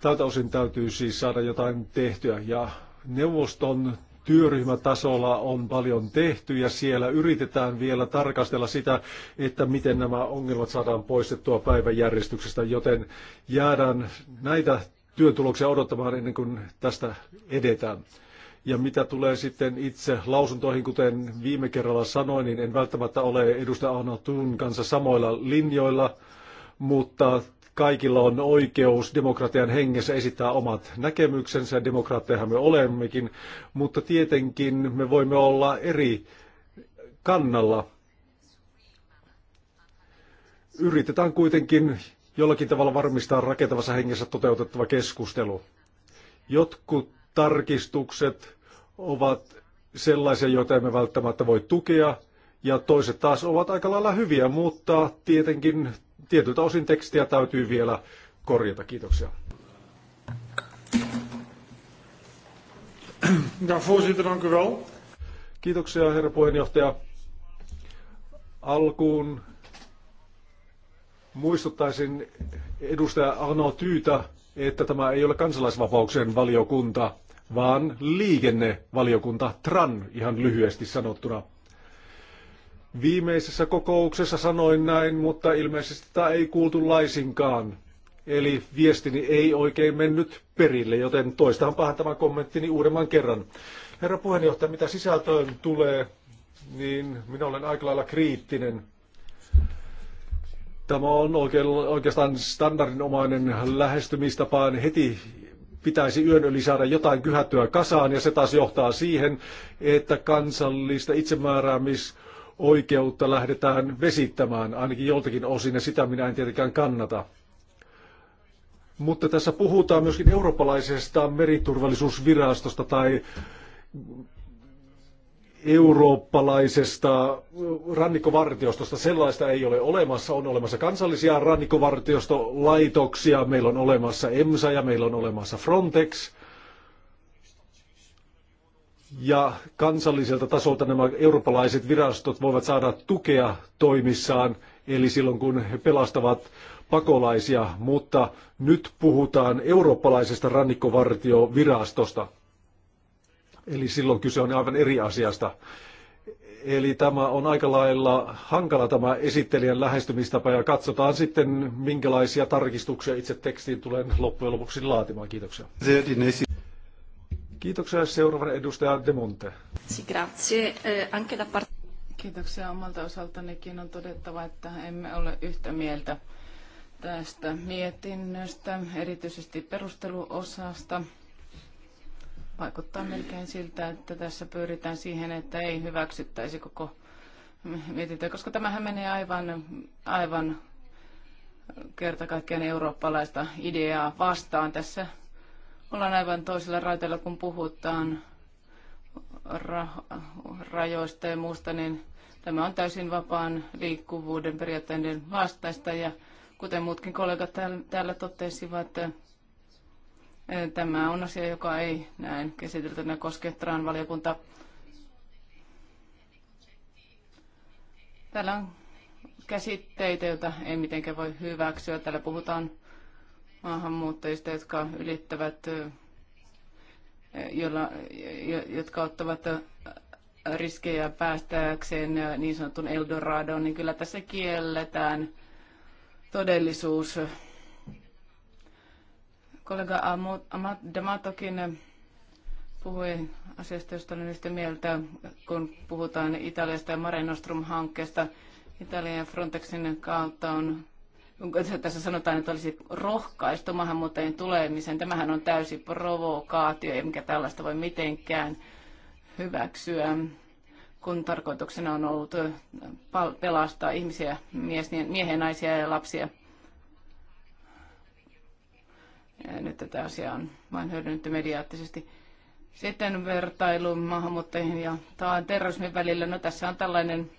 Tältä osin täytyy siis saada jotain tehtyä ja neuvoston työryhmätasolla on paljon tehty ja siellä yritetään vielä tarkastella sitä, että miten nämä ongelmat saadaan poistettua päiväjärjestyksestä, joten jäädään näitä työtuloksia odottamaan ennen kuin tästä edetään. Ja mitä tulee sitten itse lausuntoihin, kuten viime kerralla sanoin, niin en välttämättä ole edustaja Anna Tuun kanssa samoilla linjoilla, mutta kaikilla on oikeus demokratian hengessä esittää omat näkemyksensä, demokraattejahan me olemmekin, mutta tietenkin me voimme olla eri kannalla. Yritetään kuitenkin jollakin tavalla varmistaa rakentavassa hengessä toteutettava keskustelu. Jotkut tarkistukset ovat sellaisia, joita emme välttämättä voi tukea, ja toiset taas ovat aika lailla hyviä, mutta tietenkin tietyltä osin tekstiä täytyy vielä korjata. Kiitoksia. Ja voorzitter, dank u wel. Kiitoksia, herra puheenjohtaja. Alkuun muistuttaisin edustaja Arno Tyytä, että tämä ei ole kansalaisvapauksien valiokunta, vaan liikennevaliokunta TRAN ihan lyhyesti sanottuna. Viimeisessä kokouksessa sanoin näin, mutta ilmeisesti tämä ei kuultu laisinkaan. Eli viestini ei oikein mennyt perille, joten pahan tämä kommenttini uudemman kerran. Herra puheenjohtaja, mitä sisältöön tulee, niin minä olen aika lailla kriittinen. Tämä on oikeastaan standardinomainen lähestymistapaan. Heti pitäisi yön yli saada jotain kyhättyä kasaan ja se taas johtaa siihen, että kansallista itsemääräämis oikeutta lähdetään vesittämään, ainakin joltakin osin, ja sitä minä en tietenkään kannata. Mutta tässä puhutaan myöskin eurooppalaisesta meriturvallisuusvirastosta tai eurooppalaisesta rannikkovartiostosta. Sellaista ei ole olemassa. On olemassa kansallisia rannikkovartiostolaitoksia, meillä on olemassa EMSA ja meillä on olemassa Frontex ja kansalliselta tasolta nämä eurooppalaiset virastot voivat saada tukea toimissaan, eli silloin kun he pelastavat pakolaisia, mutta nyt puhutaan eurooppalaisesta rannikkovartiovirastosta. Eli silloin kyse on aivan eri asiasta. Eli tämä on aika lailla hankala tämä esittelijän lähestymistapa ja katsotaan sitten minkälaisia tarkistuksia itse tekstiin tulen loppujen lopuksi laatimaan. Kiitoksia. Kiitoksia. Seuraavana edustaja Demonte. Grazie. Eh, anche da parte... Kiitoksia omalta osaltanikin. On todettava, että emme ole yhtä mieltä tästä mietinnöstä, erityisesti perusteluosasta. Vaikuttaa melkein siltä, että tässä pyritään siihen, että ei hyväksyttäisi koko mietintöä, koska tämähän menee aivan, aivan kerta kaikkiaan eurooppalaista ideaa vastaan. Tässä ollaan aivan toisella raiteella, kun puhutaan ra- rajoista ja muusta, niin tämä on täysin vapaan liikkuvuuden periaatteiden vastaista. Ja kuten muutkin kollegat täällä totesivat, tämä on asia, joka ei näin käsiteltynä koske Tran valiokunta. Täällä on käsitteitä, joita ei mitenkään voi hyväksyä. Täällä puhutaan maahanmuuttajista, jotka ylittävät, jolla, jotka ottavat riskejä päästäkseen niin sanotun Eldoradoon, niin kyllä tässä kielletään todellisuus. Kollega Damatokin puhui asiasta, josta olen yhtä mieltä, kun puhutaan Italiasta ja Mare Nostrum-hankkeesta. Italian Frontexin kautta on tässä sanotaan, että olisi rohkaistu maahanmuuttajien tulemiseen. Tämähän on täysi provokaatio, eikä tällaista voi mitenkään hyväksyä, kun tarkoituksena on ollut pelastaa ihmisiä, miehiä, naisia ja lapsia. Ja nyt tätä asiaa on vain hyödynnetty mediaattisesti. Sitten vertailu maahanmuuttajien ja terrorismin välillä. No tässä on tällainen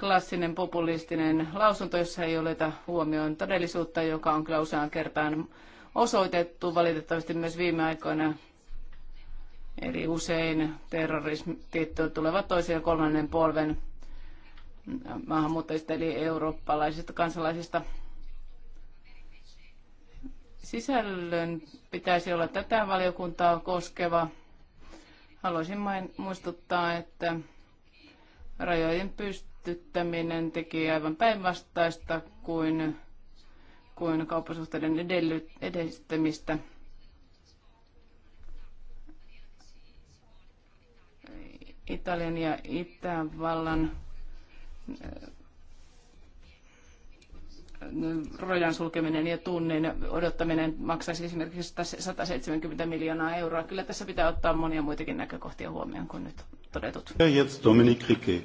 klassinen populistinen lausunto, jossa ei oleta huomioon todellisuutta, joka on kyllä useaan kertaan osoitettu valitettavasti myös viime aikoina. Eli usein terroristit tulevat toisen ja kolmannen polven maahanmuuttajista eli eurooppalaisista kansalaisista. Sisällön pitäisi olla tätä valiokuntaa koskeva. Haluaisin muistuttaa, että rajojen pyst- keskittyttäminen teki aivan päinvastaista kuin, kuin kauppasuhteiden edellyt, edistämistä. Italian ja Itävallan äh, rajan sulkeminen ja tunnin odottaminen maksaisi esimerkiksi 170 miljoonaa euroa. Kyllä tässä pitää ottaa monia muitakin näkökohtia huomioon kuin nyt todetut. Ja jetzt Dominik Rike.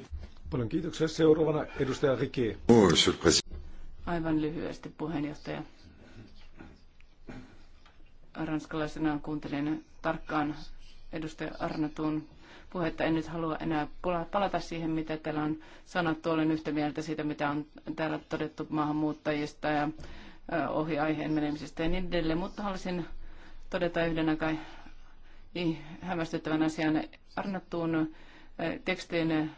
Paljon kiitoksia. Seuraavana edustaja Riki. Oh, Aivan lyhyesti puheenjohtaja. Ranskalaisena kuuntelin tarkkaan edustaja Arnatun puhetta. En nyt halua enää palata siihen, mitä täällä on sanottu. Olen yhtä mieltä siitä, mitä on täällä todettu maahanmuuttajista ja ohi aiheen menemisestä ja niin edelleen. Mutta haluaisin todeta yhden aika hämmästyttävän asian. Arnattuun tekstin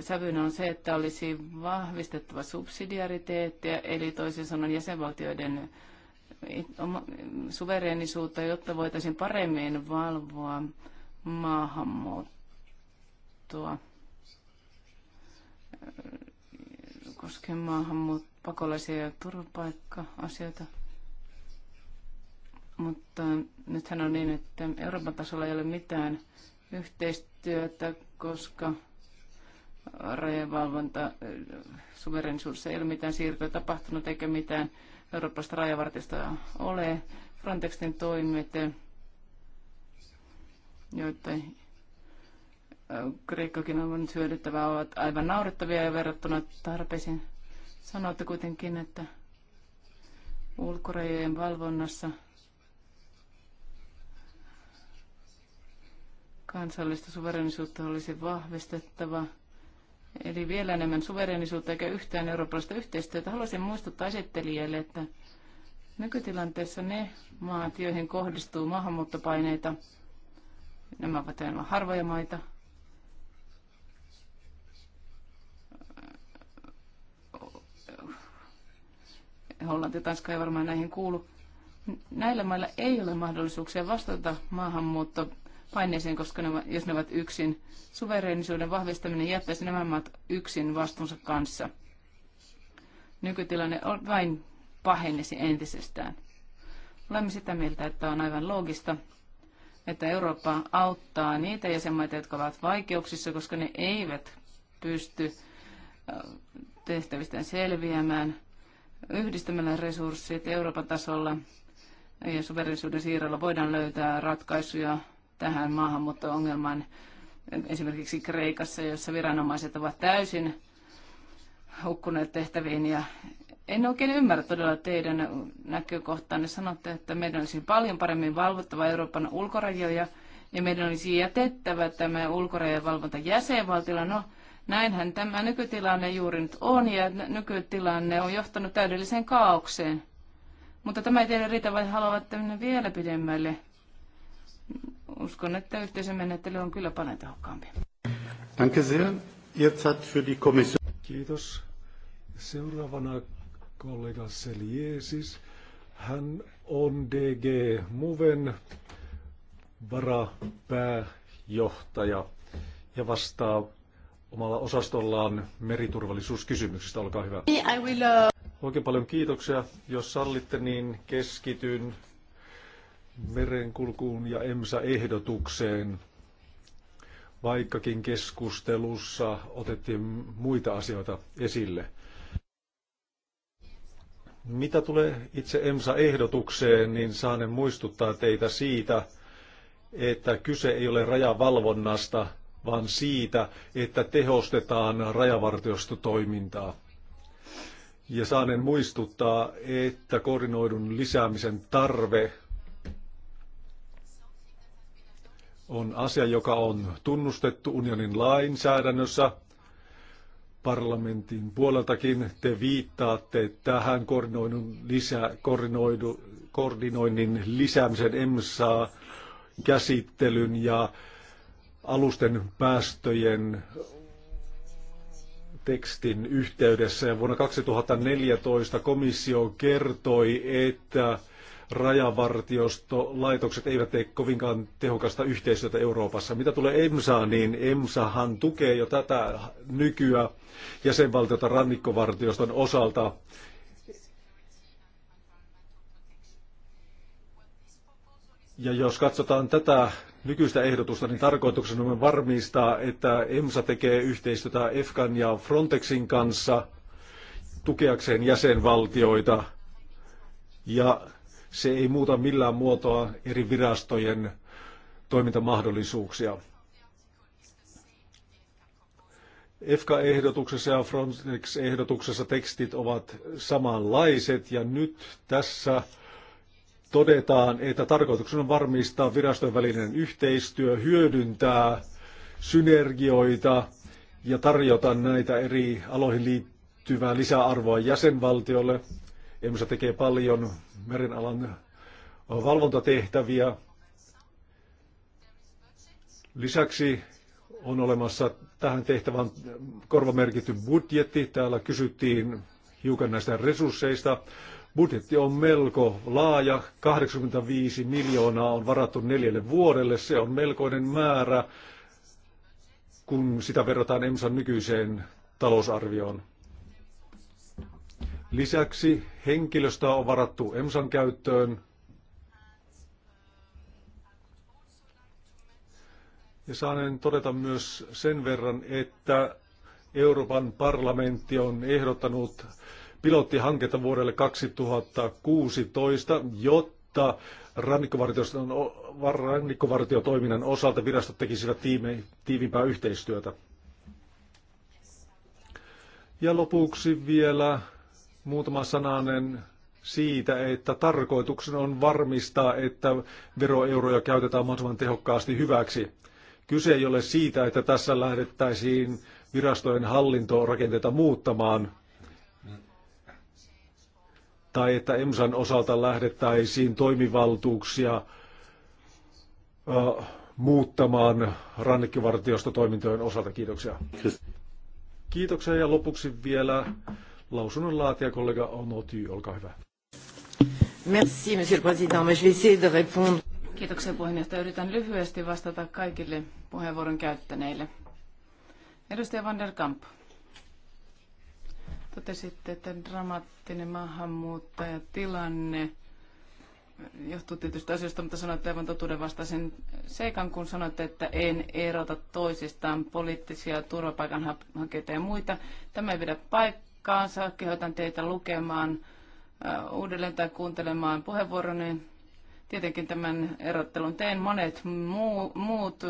sävynä on se, että olisi vahvistettava subsidiariteettia, eli toisin sanoen jäsenvaltioiden suvereenisuutta, jotta voitaisiin paremmin valvoa maahanmuuttoa. Koskien maahanmuuttoa, pakolaisia ja turvapaikka-asioita. Mutta nythän on niin, että Euroopan tasolla ei ole mitään yhteistyötä, koska rajavalvonta, äh, suverenisuudessa ei ole mitään siirtoa tapahtunut eikä mitään eurooppalaista rajavartista ole. Frontexin toimet, äh, joita äh, Kreikkakin on voinut hyödyttävää, ovat aivan naurettavia ja verrattuna tarpeisiin. Sanoitte kuitenkin, että ulkorajojen valvonnassa kansallista suverenisuutta olisi vahvistettava – eli vielä enemmän suverenisuutta eikä yhtään eurooppalaista yhteistyötä. Haluaisin muistuttaa esittelijälle, että nykytilanteessa ne maat, joihin kohdistuu maahanmuuttopaineita, nämä ovat aivan harvoja maita, Hollanti ja Tanska ei varmaan näihin kuulu. Näillä mailla ei ole mahdollisuuksia vastata maahanmuuttoon paineeseen, koska ne, jos ne ovat yksin. Suvereenisuuden vahvistaminen jättäisi nämä maat yksin vastuunsa kanssa. Nykytilanne on vain pahenisi entisestään. Olemme sitä mieltä, että on aivan loogista, että Eurooppa auttaa niitä jäsenmaita, jotka ovat vaikeuksissa, koska ne eivät pysty tehtävistään selviämään yhdistämällä resurssit Euroopan tasolla ja suverenisuuden siirrolla voidaan löytää ratkaisuja tähän maahanmuutto-ongelmaan esimerkiksi Kreikassa, jossa viranomaiset ovat täysin hukkuneet tehtäviin ja en oikein ymmärrä todella teidän näkökohtaanne. Sanotte, että meidän olisi paljon paremmin valvottava Euroopan ulkorajoja ja meidän olisi jätettävä tämä ulkorajojen valvonta jäsenvaltiolla. No, näinhän tämä nykytilanne juuri nyt on ja nykytilanne on johtanut täydelliseen kaaukseen. Mutta tämä ei teille riitä, vai haluatte mennä vielä pidemmälle. Uskon, että yhteisömenettely on kyllä paljon tehokkaampi. Danke sehr. Kiitos. Seuraavana kollega Seliesis. Hän on DG Muven varapääjohtaja ja vastaa omalla osastollaan meriturvallisuuskysymyksistä. Olkaa hyvä. Uh- Oikein paljon kiitoksia. Jos sallitte, niin keskityn merenkulkuun ja EMSA-ehdotukseen, vaikkakin keskustelussa otettiin muita asioita esille. Mitä tulee itse EMSA-ehdotukseen, niin saanen muistuttaa teitä siitä, että kyse ei ole rajavalvonnasta, vaan siitä, että tehostetaan rajavartiostotoimintaa. Ja saanen muistuttaa, että koordinoidun lisäämisen tarve on asia, joka on tunnustettu unionin lainsäädännössä parlamentin puoleltakin. Te viittaatte tähän koordinoidun lisä, koordinoidu, koordinoinnin lisäämisen EMSA käsittelyn ja alusten päästöjen tekstin yhteydessä. Ja vuonna 2014 komissio kertoi, että rajavartiostolaitokset eivät tee kovinkaan tehokasta yhteistyötä Euroopassa. Mitä tulee EMSAan, niin EMSAhan tukee jo tätä nykyä jäsenvaltiota rannikkovartioston osalta. Ja jos katsotaan tätä nykyistä ehdotusta, niin tarkoituksena on varmistaa, että EMSA tekee yhteistyötä EFKAN ja Frontexin kanssa tukeakseen jäsenvaltioita ja se ei muuta millään muotoa eri virastojen toimintamahdollisuuksia. EFKA-ehdotuksessa ja Frontex-ehdotuksessa tekstit ovat samanlaiset ja nyt tässä todetaan, että tarkoituksena on varmistaa virastojen välinen yhteistyö, hyödyntää synergioita ja tarjota näitä eri aloihin liittyvää lisäarvoa jäsenvaltiolle. EMSA tekee paljon merenalan valvontatehtäviä. Lisäksi on olemassa tähän tehtävän korvamerkitty budjetti. Täällä kysyttiin hiukan näistä resursseista. Budjetti on melko laaja, 85 miljoonaa on varattu neljälle vuodelle. Se on melkoinen määrä, kun sitä verrataan EMSAn nykyiseen talousarvioon. Lisäksi henkilöstöä on varattu EMSAn käyttöön. Ja saanen todeta myös sen verran, että Euroopan parlamentti on ehdottanut pilottihanketta vuodelle 2016, jotta rannikkovartiotoiminnan osalta virastot tekisivät tiiviimpää yhteistyötä. Ja lopuksi vielä Muutama sananen siitä, että tarkoituksena on varmistaa, että veroeuroja käytetään mahdollisimman tehokkaasti hyväksi. Kyse ei ole siitä, että tässä lähdettäisiin virastojen hallintorakenteita muuttamaan tai että EMSAn osalta lähdettäisiin toimivaltuuksia muuttamaan rannikkivartiosta toimintojen osalta. Kiitoksia. Kiitoksia ja lopuksi vielä Lausunnon laatija kollega Onoti, olkaa hyvä. Merci, monsieur le président. Mais je vais essayer de répondre. Kiitoksia puheenjohtaja. Yritän lyhyesti vastata kaikille puheenvuoron käyttäneille. Edustaja Van der Kamp. Totesitte, että dramaattinen maahanmuuttajatilanne johtuu tietysti asioista, mutta sanoitte aivan totuuden vastaisen seikan, kun sanoitte, että en erota toisistaan poliittisia turvapaikanhakijoita ja muita. Tämä ei pidä paikkaa kanssa. Kehotan teitä lukemaan äh, uudelleen tai kuuntelemaan puheenvuoroni. Tietenkin tämän erottelun teen. Monet muu, muut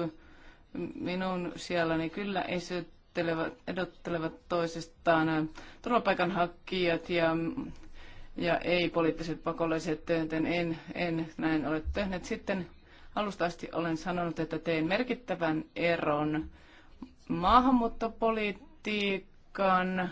minun sielläni kyllä esittelevät, edottelevat toisistaan äh, turvapaikanhakijat ja, ja ei-poliittiset pakolaiset, joten en, en näin ole tehnyt. Sitten alusta asti olen sanonut, että teen merkittävän eron maahanmuuttopolitiikkaan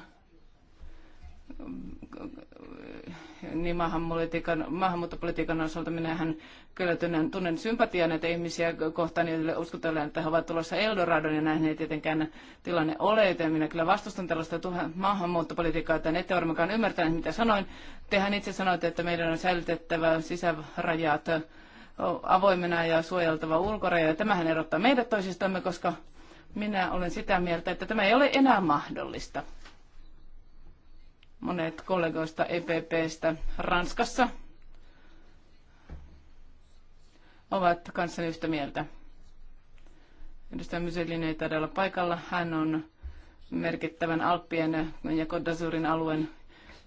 niin maahanmuuttopolitiikan, maahanmuuttopolitiikan osalta minähän kyllä tunnen, tunnen sympatiaa näitä ihmisiä kohtaan, joille uskotellaan, että he ovat tulossa Eldoradon ja näin ei tietenkään tilanne ole, joten minä kyllä vastustan tällaista maahanmuuttopolitiikkaa, että ette varmaankaan ymmärtänyt, mitä sanoin. Tehän itse sanoitte, että meidän on säilytettävä sisärajat avoimena ja suojeltava ja Tämähän erottaa meidät toisistamme, koska minä olen sitä mieltä, että tämä ei ole enää mahdollista monet kollegoista EPPstä Ranskassa ovat kanssani yhtä mieltä. Edustaja Myselin ei taida olla paikalla. Hän on merkittävän Alppien ja Kodasurin alueen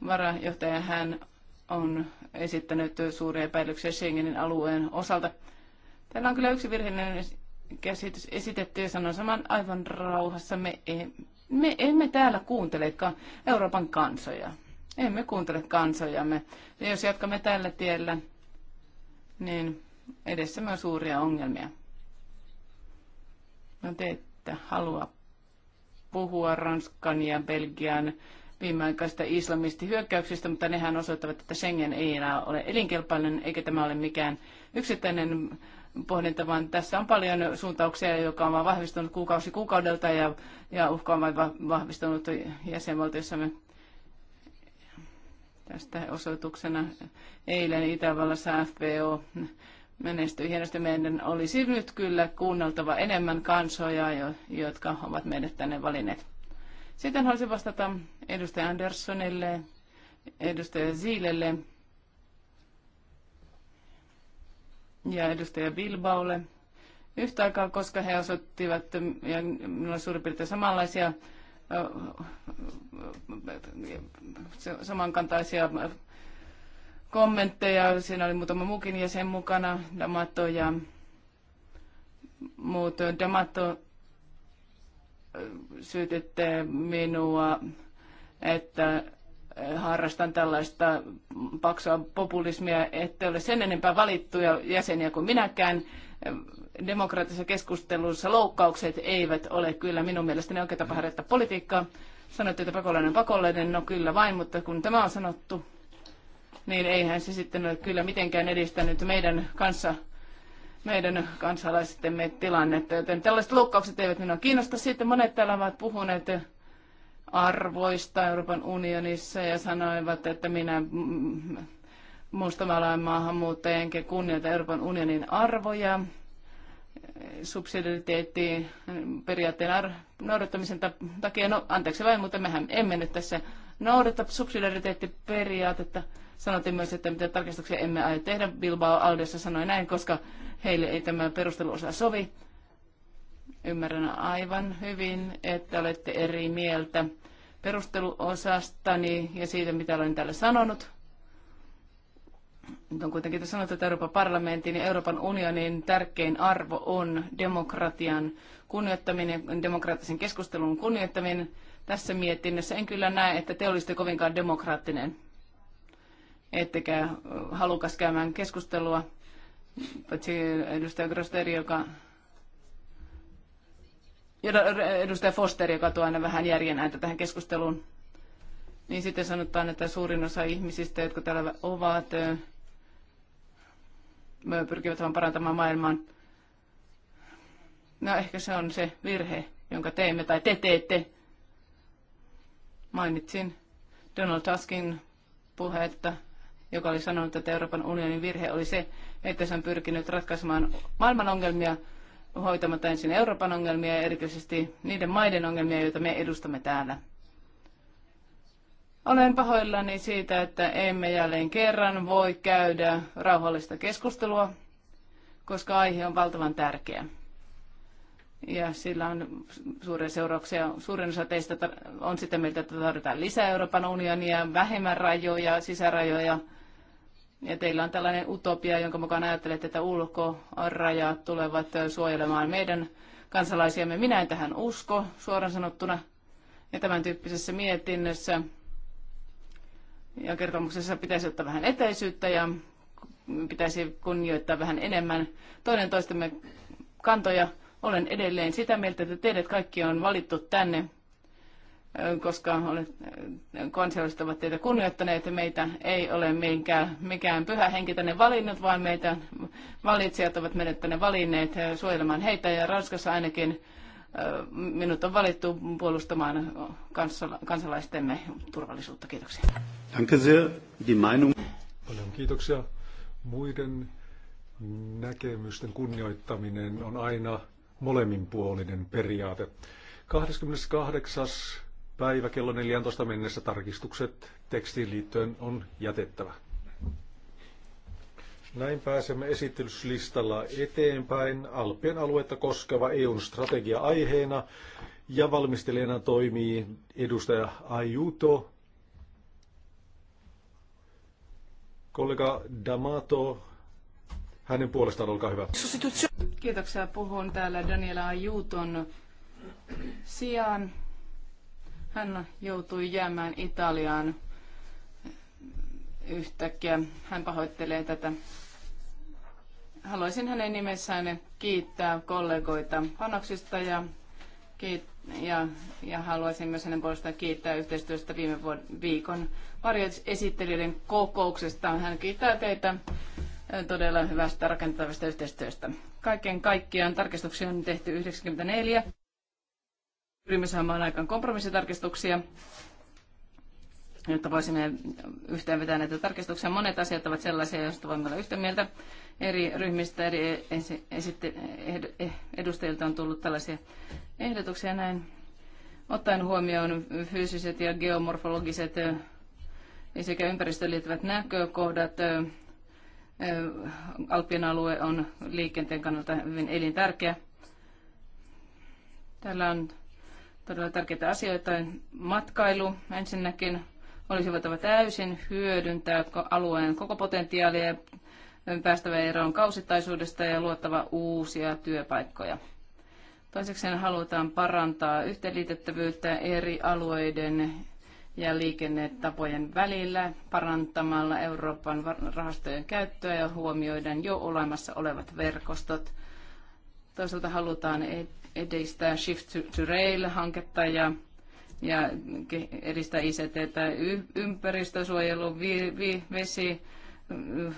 varajohtaja. Hän on esittänyt suuria epäilyksiä Schengenin alueen osalta. Täällä on kyllä yksi virheellinen käsitys esitetty ja sanon saman aivan rauhassa. Me me emme täällä kuuntele Euroopan kansoja. Emme kuuntele kansojamme. Ja jos jatkamme tällä tiellä, niin edessämme on suuria ongelmia. No te ette halua puhua Ranskan ja Belgian viimeaikaista islamistihyökkäyksistä, mutta nehän osoittavat, että Schengen ei enää ole elinkelpoinen, eikä tämä ole mikään yksittäinen pohdinta, vaan tässä on paljon suuntauksia, joka on vaan vahvistunut kuukausi kuukaudelta ja, ja uhka on vain vahvistunut jäsenvaltiossamme. tästä osoituksena eilen Itävallassa FPO menestyi hienosti. Meidän olisi nyt kyllä kuunneltava enemmän kansoja, jotka ovat meidät tänne valinneet. Sitten haluaisin vastata edustaja Anderssonille, edustaja Ziilelle ja edustaja Bilbaolle yhtä aikaa, koska he osoittivat, ja minulla on suurin piirtein samanlaisia samankantaisia kommentteja. Siinä oli muutama muukin jäsen mukana, Damato ja muut. Damato syytitte minua, että harrastan tällaista paksua populismia, ettei ole sen enempää valittuja jäseniä kuin minäkään. Demokraattisessa keskustelussa loukkaukset eivät ole kyllä minun mielestäni oikea tapa harjoittaa politiikkaa. Sanoitte, että pakolainen pakolainen, no kyllä vain, mutta kun tämä on sanottu, niin eihän se sitten ole kyllä mitenkään edistänyt meidän kanssa meidän kansalaistemme tilannetta, joten tällaiset loukkaukset eivät minua kiinnosta. Sitten monet täällä ovat puhuneet arvoista Euroopan unionissa ja sanoivat, että minä mustamalaan maahanmuuttaja enkä kunnioita Euroopan unionin arvoja subsidiariteettiin periaatteen noudattamisen takia. No anteeksi vain, mutta mehän emme nyt tässä noudata subsidiariteettiperiaatetta. Sanottiin myös, että mitä tarkistuksia emme aio tehdä. Bilbao Aldessa sanoi näin, koska heille ei tämä perusteluosa sovi. Ymmärrän aivan hyvin, että olette eri mieltä perusteluosastani ja siitä, mitä olen täällä sanonut. Nyt on kuitenkin sanottu, että Euroopan parlamentin ja Euroopan unionin tärkein arvo on demokratian kunnioittaminen, demokraattisen keskustelun kunnioittaminen. Tässä mietinnössä en kyllä näe, että te olisitte kovinkaan demokraattinen, ettekä halukas käymään keskustelua. Paitsi edustaja Grosteri, joka edustaja Foster, joka tuo aina vähän järjen ääntä tähän keskusteluun, niin sitten sanotaan, että suurin osa ihmisistä, jotka täällä ovat, pyrkivät vain parantamaan maailman. No ehkä se on se virhe, jonka teemme tai te teette. Mainitsin Donald Tuskin puhetta, joka oli sanonut, että Euroopan unionin virhe oli se, että se on pyrkinyt ratkaisemaan maailman ongelmia – hoitamatta ensin Euroopan ongelmia ja erityisesti niiden maiden ongelmia, joita me edustamme täällä. Olen pahoillani siitä, että emme jälleen kerran voi käydä rauhallista keskustelua, koska aihe on valtavan tärkeä. Ja sillä on suuria seurauksia. Suurin osa teistä on sitä mieltä, että tarvitaan lisää Euroopan unionia, vähemmän rajoja, sisärajoja – ja teillä on tällainen utopia, jonka mukaan ajattelette, että ulkorajat tulevat suojelemaan meidän kansalaisiamme. Minä en tähän usko, suoraan sanottuna. Ja tämän tyyppisessä mietinnössä ja kertomuksessa pitäisi ottaa vähän etäisyyttä ja pitäisi kunnioittaa vähän enemmän toinen toistemme kantoja. Olen edelleen sitä mieltä, että teidät kaikki on valittu tänne koska olet, kansalaiset ovat teitä kunnioittaneet ja meitä ei ole minkään, mikään pyhä henki tänne valinnut, vaan meitä valitsijat ovat meidät tänne valinneet suojelemaan heitä ja Ranskassa ainakin äh, minut on valittu puolustamaan kansalaistemme turvallisuutta. Kiitoksia. Paljon kiitoksia. Muiden näkemysten kunnioittaminen on aina molemminpuolinen periaate. 28 päivä kello 14 mennessä tarkistukset tekstiin liittyen on jätettävä. Näin pääsemme esityslistalla eteenpäin. Alpien aluetta koskeva EUn strategia aiheena ja valmistelijana toimii edustaja Ajuto. Kollega Damato, hänen puolestaan olkaa hyvä. Kiitoksia. Puhun täällä Daniela Ajuton sijaan hän joutui jäämään Italiaan yhtäkkiä. Hän pahoittelee tätä. Haluaisin hänen nimessään kiittää kollegoita panoksista ja, kiit- ja, ja haluaisin myös hänen puolestaan kiittää yhteistyöstä viime vuod- viikon esittelijöiden kokouksesta. Hän kiittää teitä todella hyvästä rakentavasta yhteistyöstä. Kaiken kaikkiaan tarkistuksia on tehty 94. Pyrimme saamaan aikaan kompromissitarkistuksia, jotta voisimme yhteenvetää näitä tarkistuksia. Monet asiat ovat sellaisia, joista voimme olla yhtä mieltä. Eri ryhmistä, eri eh, edustajilta on tullut tällaisia ehdotuksia näin. Ottaen huomioon fyysiset ja geomorfologiset eh, sekä ympäristöön liittyvät näkökohdat, eh, Alpien alue on liikenteen kannalta hyvin elintärkeä. Täällä on todella tärkeitä asioita. Matkailu ensinnäkin olisi voitava täysin hyödyntää alueen koko potentiaalia ja päästävä eroon kausittaisuudesta ja luottava uusia työpaikkoja. Toiseksi halutaan parantaa yhteenliitettävyyttä eri alueiden ja liikennetapojen välillä parantamalla Euroopan rahastojen käyttöä ja huomioiden jo olemassa olevat verkostot. Toisaalta halutaan edistää Shift to Rail-hanketta ja, ja edistää ICT, ympäristösuojelu, vi, vi, vesi, mm,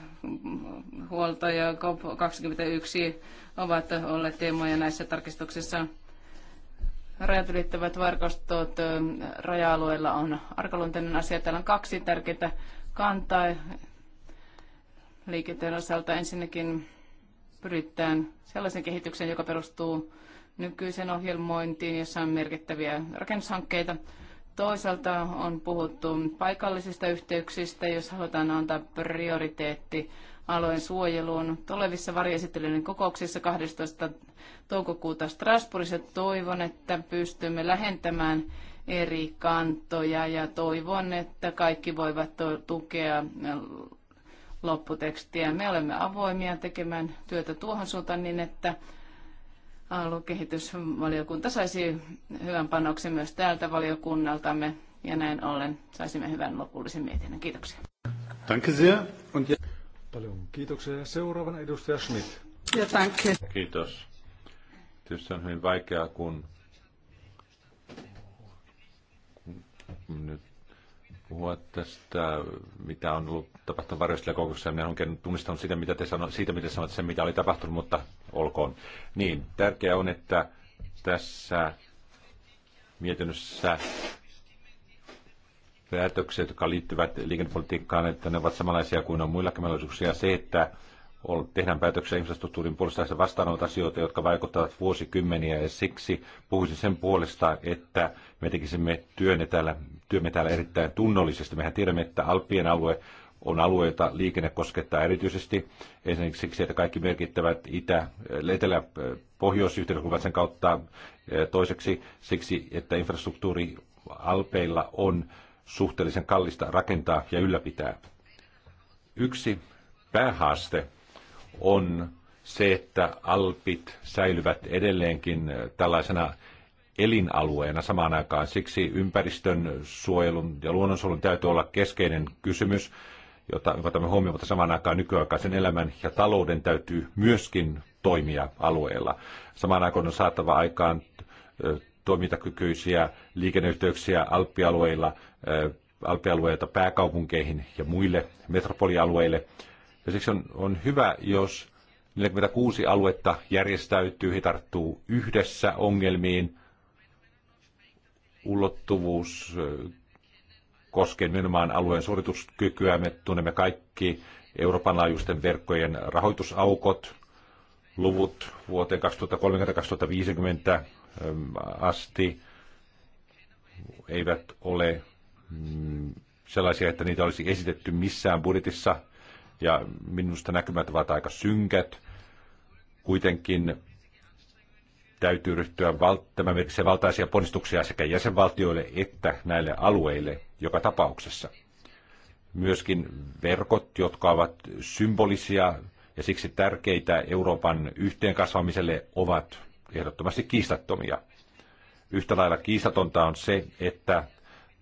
huolto ja COP21 ovat olleet teemoja näissä tarkistuksissa. Rajat ylittävät varkostot mm, raja-alueilla on arkaluonteinen asia. Täällä on kaksi tärkeää kantaa liikenteen osalta. Ensinnäkin pyritään sellaisen kehitykseen, joka perustuu nykyisen ohjelmointiin, jossa on merkittäviä rakennushankkeita. Toisaalta on puhuttu paikallisista yhteyksistä, jos halutaan antaa prioriteetti alueen suojeluun. Tulevissa varjesittelyiden kokouksissa 12. toukokuuta Strasbourgissa toivon, että pystymme lähentämään eri kantoja ja toivon, että kaikki voivat tukea lopputekstiä. Me olemme avoimia tekemään työtä tuohon suuntaan niin, että aluekehitysvaliokunta saisi hyvän panoksen myös täältä valiokunnaltamme ja näin ollen saisimme hyvän lopullisen mietinnön. Kiitoksia. Danke sehr. Paljon kiitoksia. Seuraavana edustaja Schmidt. Ja danke. Kiitos. Tietysti on hyvin vaikeaa, kun nyt puhua tästä, mitä on ollut tapahtunut varjoisilla kokouksissa. Minä olen tunnistanut sitä, mitä te sano, siitä, mitä sanoit, sen, mitä oli tapahtunut, mutta olkoon. Niin, tärkeää on, että tässä mietinnössä päätökset, jotka liittyvät liikennepolitiikkaan, että ne ovat samanlaisia kuin on muillakin mahdollisuuksia. Se, että tehdään päätöksiä infrastruktuurin puolesta ja vastaanotat asioita, jotka vaikuttavat vuosikymmeniä ja siksi puhuisin sen puolesta, että me tekisimme työmme täällä, työmme täällä erittäin tunnollisesti. Mehän tiedämme, että Alppien alue on alueita liikenne koskettaa erityisesti. Esimerkiksi siksi, että kaikki merkittävät itä, etelä, pohjoisyhteydet kulkevat sen kautta. Toiseksi siksi, että infrastruktuuri Alpeilla on suhteellisen kallista rakentaa ja ylläpitää. Yksi päähaaste on se, että Alpit säilyvät edelleenkin tällaisena elinalueena samaan aikaan. Siksi ympäristön suojelun ja luonnonsuojelun täytyy olla keskeinen kysymys, jota otamme huomioon, mutta samaan aikaan nykyaikaisen elämän ja talouden täytyy myöskin toimia alueella. Samaan aikaan on saatava aikaan toimintakykyisiä liikenneyhteyksiä alppialueilla, alppialueilta pääkaupunkeihin ja muille metropolialueille – ja siksi on, on hyvä, jos 46 aluetta järjestäytyy ja tarttuu yhdessä ongelmiin. Ulottuvuus koskee nimenomaan alueen suorituskykyä. Me tunnemme kaikki Euroopan laajuisten verkkojen rahoitusaukot, luvut vuoteen 2030-2050 asti eivät ole mm, sellaisia, että niitä olisi esitetty missään budjetissa ja minusta näkymät ovat aika synkät. Kuitenkin täytyy ryhtyä val- tämä valtaisia ponnistuksia sekä jäsenvaltioille että näille alueille joka tapauksessa. Myöskin verkot, jotka ovat symbolisia ja siksi tärkeitä Euroopan yhteenkasvamiselle, ovat ehdottomasti kiistattomia. Yhtä lailla kiistatonta on se, että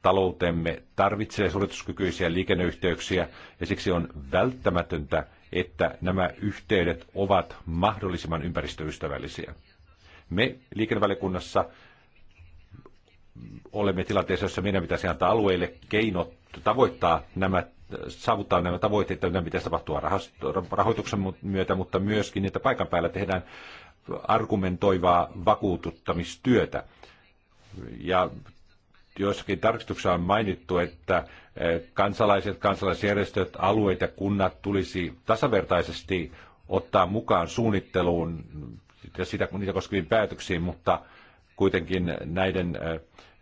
taloutemme tarvitsee suorituskykyisiä liikenneyhteyksiä ja siksi on välttämätöntä, että nämä yhteydet ovat mahdollisimman ympäristöystävällisiä. Me liikennevälikunnassa olemme tilanteessa, jossa meidän pitäisi antaa alueille keinot tavoittaa nämä saavuttaa nämä tavoitteet, että pitäisi tapahtua rahoituksen myötä, mutta myöskin, että paikan päällä tehdään argumentoivaa vakuututtamistyötä. Ja joissakin tarkistuksissa on mainittu, että eh, kansalaiset, kansalaisjärjestöt, alueet ja kunnat tulisi tasavertaisesti ottaa mukaan suunnitteluun ja sitä, niitä koskeviin päätöksiin, mutta kuitenkin näiden eh,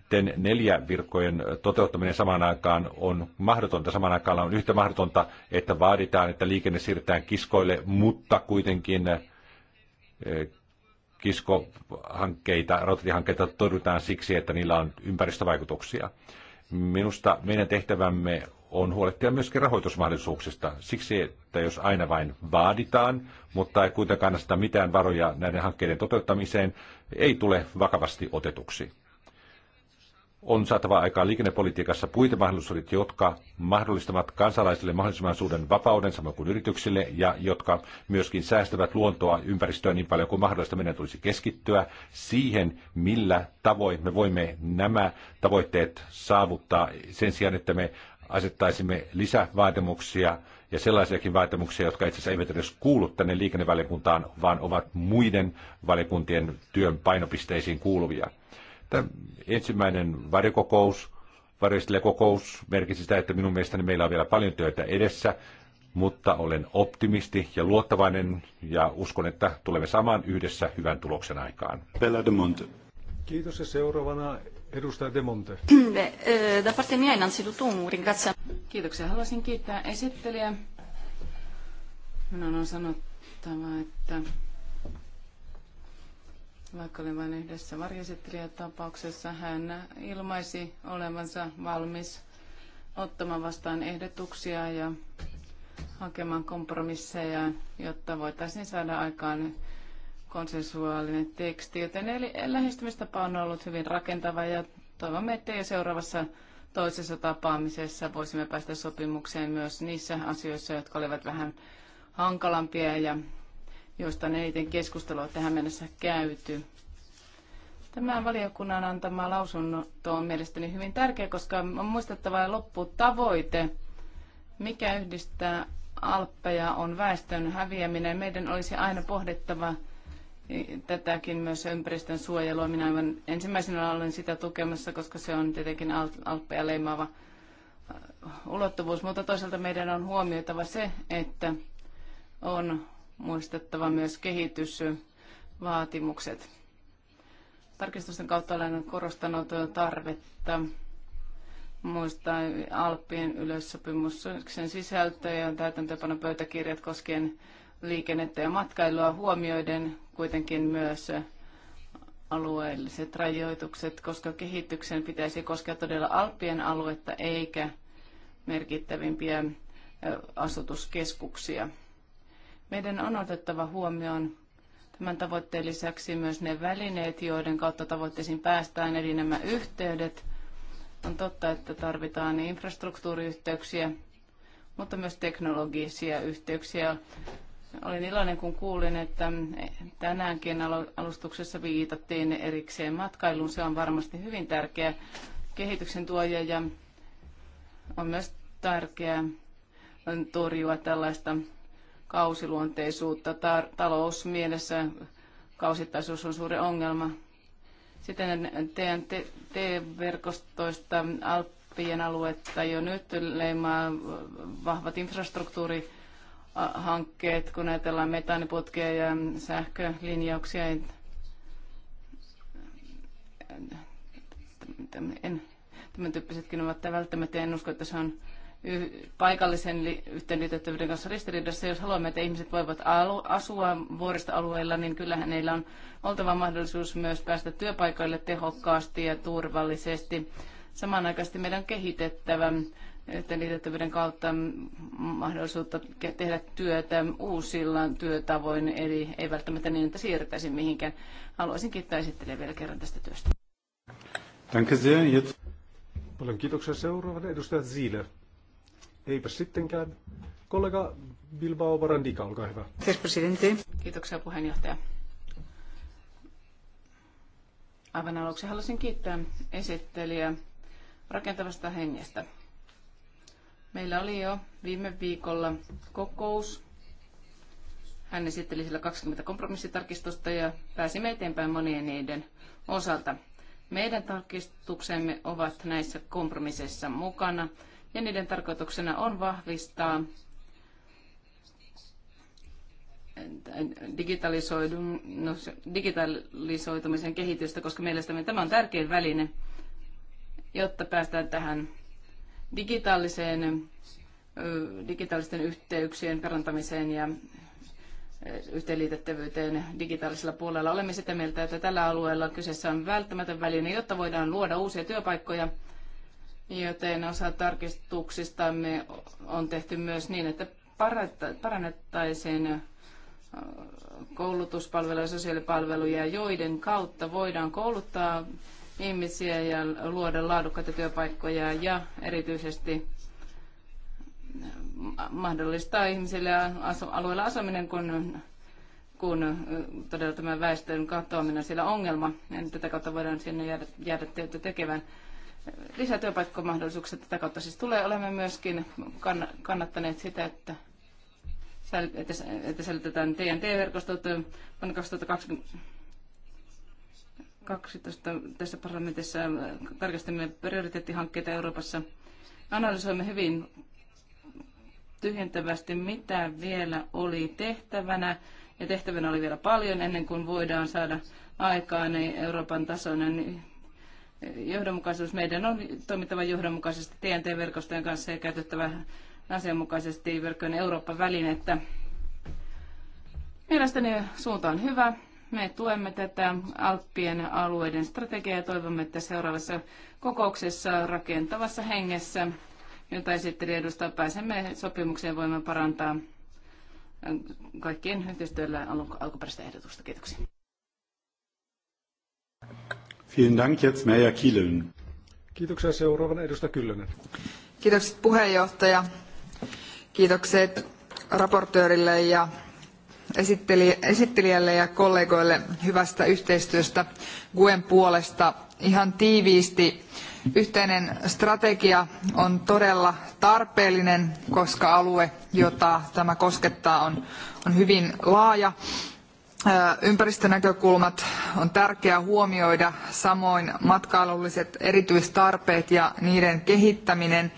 ten neljä virkojen toteuttaminen samaan aikaan on mahdotonta. Samaan aikaan on yhtä mahdotonta, että vaaditaan, että liikenne siirretään kiskoille, mutta kuitenkin eh, kiskohankkeita, rautatiehankkeita torjutaan siksi, että niillä on ympäristövaikutuksia. Minusta meidän tehtävämme on huolehtia myöskin rahoitusmahdollisuuksista. Siksi, että jos aina vain vaaditaan, mutta ei kuitenkaan sitä mitään varoja näiden hankkeiden toteuttamiseen, ei tule vakavasti otetuksi on saatava aikaan liikennepolitiikassa puitemahdollisuudet, jotka mahdollistavat kansalaisille mahdollisimman suuren vapauden, samoin kuin yrityksille, ja jotka myöskin säästävät luontoa, ympäristöä niin paljon kuin mahdollista. Meidän tulisi keskittyä siihen, millä tavoin me voimme nämä tavoitteet saavuttaa sen sijaan, että me asettaisimme lisävaatimuksia ja sellaisiakin vaatimuksia, jotka itse asiassa eivät edes kuulu tänne liikennevaliokuntaan, vaan ovat muiden valiokuntien työn painopisteisiin kuuluvia että ensimmäinen varikokous, kokous merkisi sitä, että minun mielestäni meillä on vielä paljon työtä edessä, mutta olen optimisti ja luottavainen ja uskon, että tulemme saamaan yhdessä hyvän tuloksen aikaan. Bella de Monte. Kiitos ja seuraavana edustaja De Monte. Eh, da parte mia innanzitutto un Kiitoksia. Haluaisin kiittää esittelijä. Minun on sanottava, että vaikka oli vain yhdessä varjesittelijätapauksessa, hän ilmaisi olevansa valmis ottamaan vastaan ehdotuksia ja hakemaan kompromisseja, jotta voitaisiin saada aikaan konsensuaalinen teksti. Joten eli lähestymistapa on ollut hyvin rakentava ja toivomme, että jo seuraavassa toisessa tapaamisessa voisimme päästä sopimukseen myös niissä asioissa, jotka olivat vähän hankalampia ja joista on eniten keskustelua tähän mennessä käyty. Tämä valiokunnan antama lausunto on mielestäni hyvin tärkeä, koska on muistettava lopputavoite, mikä yhdistää alppeja on väestön häviäminen. Meidän olisi aina pohdittava tätäkin myös ympäristön suojelua. Minä aivan ensimmäisenä olen sitä tukemassa, koska se on tietenkin alppeja leimaava äh, ulottuvuus, mutta toisaalta meidän on huomioitava se, että on muistettava myös kehitysvaatimukset. Tarkistusten kautta olen korostanut tarvetta muistaa Alppien yleissopimuksen sisältö ja täytäntöpano pöytäkirjat koskien liikennettä ja matkailua huomioiden kuitenkin myös alueelliset rajoitukset, koska kehityksen pitäisi koskea todella Alppien aluetta eikä merkittävimpiä asutuskeskuksia. Meidän on otettava huomioon tämän tavoitteen lisäksi myös ne välineet, joiden kautta tavoitteisiin päästään, eli nämä yhteydet. On totta, että tarvitaan infrastruktuuriyhteyksiä, mutta myös teknologisia yhteyksiä. Olin iloinen, kun kuulin, että tänäänkin alustuksessa viitattiin erikseen matkailuun. Se on varmasti hyvin tärkeä kehityksen tuoja ja on myös tärkeää torjua tällaista kausiluonteisuutta tar- talousmielessä. Kausittaisuus on suuri ongelma. Sitten teidän T-verkostoista Alppien aluetta jo nyt leimaa vahvat infrastruktuuri hankkeet, kun ajatellaan metaaniputkia ja sähkölinjauksia. En, tämän tyyppisetkin ovat välttämättä, en usko, että se on paikallisen yhteenliitettävyyden kanssa ristiriidassa. Jos haluamme, että ihmiset voivat asua vuoristoalueilla, niin kyllähän heillä on oltava mahdollisuus myös päästä työpaikoille tehokkaasti ja turvallisesti. Samanaikaisesti meidän on kehitettävä yhteenliitettävyyden kautta mahdollisuutta tehdä työtä uusilla työtavoin, eli ei välttämättä niin, että siirtäisiin mihinkään. Haluaisin kiittää esittelijä vielä kerran tästä työstä. Danke sehr. Jetzt. Paljon kiitoksia seuraavana edustaja Ziele. Eipä sittenkään. Kollega Bilbao Varandika, olkaa hyvä. Kiitos Kiitoksia puheenjohtaja. Aivan aluksi haluaisin kiittää esittelijä rakentavasta hengestä. Meillä oli jo viime viikolla kokous. Hän esitteli sillä 20 kompromissitarkistusta ja pääsimme eteenpäin monien niiden osalta. Meidän tarkistuksemme ovat näissä kompromisseissa mukana ja niiden tarkoituksena on vahvistaa no, digitalisoitumisen kehitystä, koska mielestäni tämä on tärkein väline, jotta päästään tähän digitaaliseen, digitaalisten yhteyksien parantamiseen ja yhteenliitettävyyteen digitaalisella puolella. Olemme sitä mieltä, että tällä alueella kyseessä on välttämätön väline, jotta voidaan luoda uusia työpaikkoja joten osa tarkistuksistamme on tehty myös niin, että parannettaisiin koulutuspalveluja ja sosiaalipalveluja, joiden kautta voidaan kouluttaa ihmisiä ja luoda laadukkaita työpaikkoja ja erityisesti mahdollistaa ihmisille alueella asuminen, kun, kun todella tämä väestön katoaminen on siellä ongelma. Ja tätä kautta voidaan sinne jäädä, jäädä työtä tekevän lisätyöpaikkomahdollisuuksia tätä kautta siis tulee. Olemme myöskin kannattaneet sitä, että että säilytetään TNT-verkostot vuonna 2020 12 tässä parlamentissa tarkastamme prioriteettihankkeita Euroopassa. Analysoimme hyvin tyhjentävästi, mitä vielä oli tehtävänä. Ja tehtävänä oli vielä paljon ennen kuin voidaan saada aikaan Euroopan tasoinen johdonmukaisuus. Meidän on toimittava johdonmukaisesti TNT-verkostojen kanssa ja käytettävä asianmukaisesti verkkojen Euroopan välinettä Mielestäni suunta on hyvä. Me tuemme tätä Alppien alueiden strategiaa ja toivomme, että seuraavassa kokouksessa rakentavassa hengessä, jota esitteli edustaa, pääsemme sopimukseen voimme parantaa kaikkien yhteistyöllä alkuperäistä ehdotusta. Kiitoksia. Vielen Dank, jetzt Merja Kielön. Kiitoksia seuraavana edustaja Kyllönen. Kiitokset puheenjohtaja. Kiitokset raportöörille ja esittelijälle ja kollegoille hyvästä yhteistyöstä GUEn puolesta. Ihan tiiviisti yhteinen strategia on todella tarpeellinen, koska alue, jota tämä koskettaa, on, on hyvin laaja Ympäristönäkökulmat on tärkeää huomioida, samoin matkailulliset erityistarpeet ja niiden kehittäminen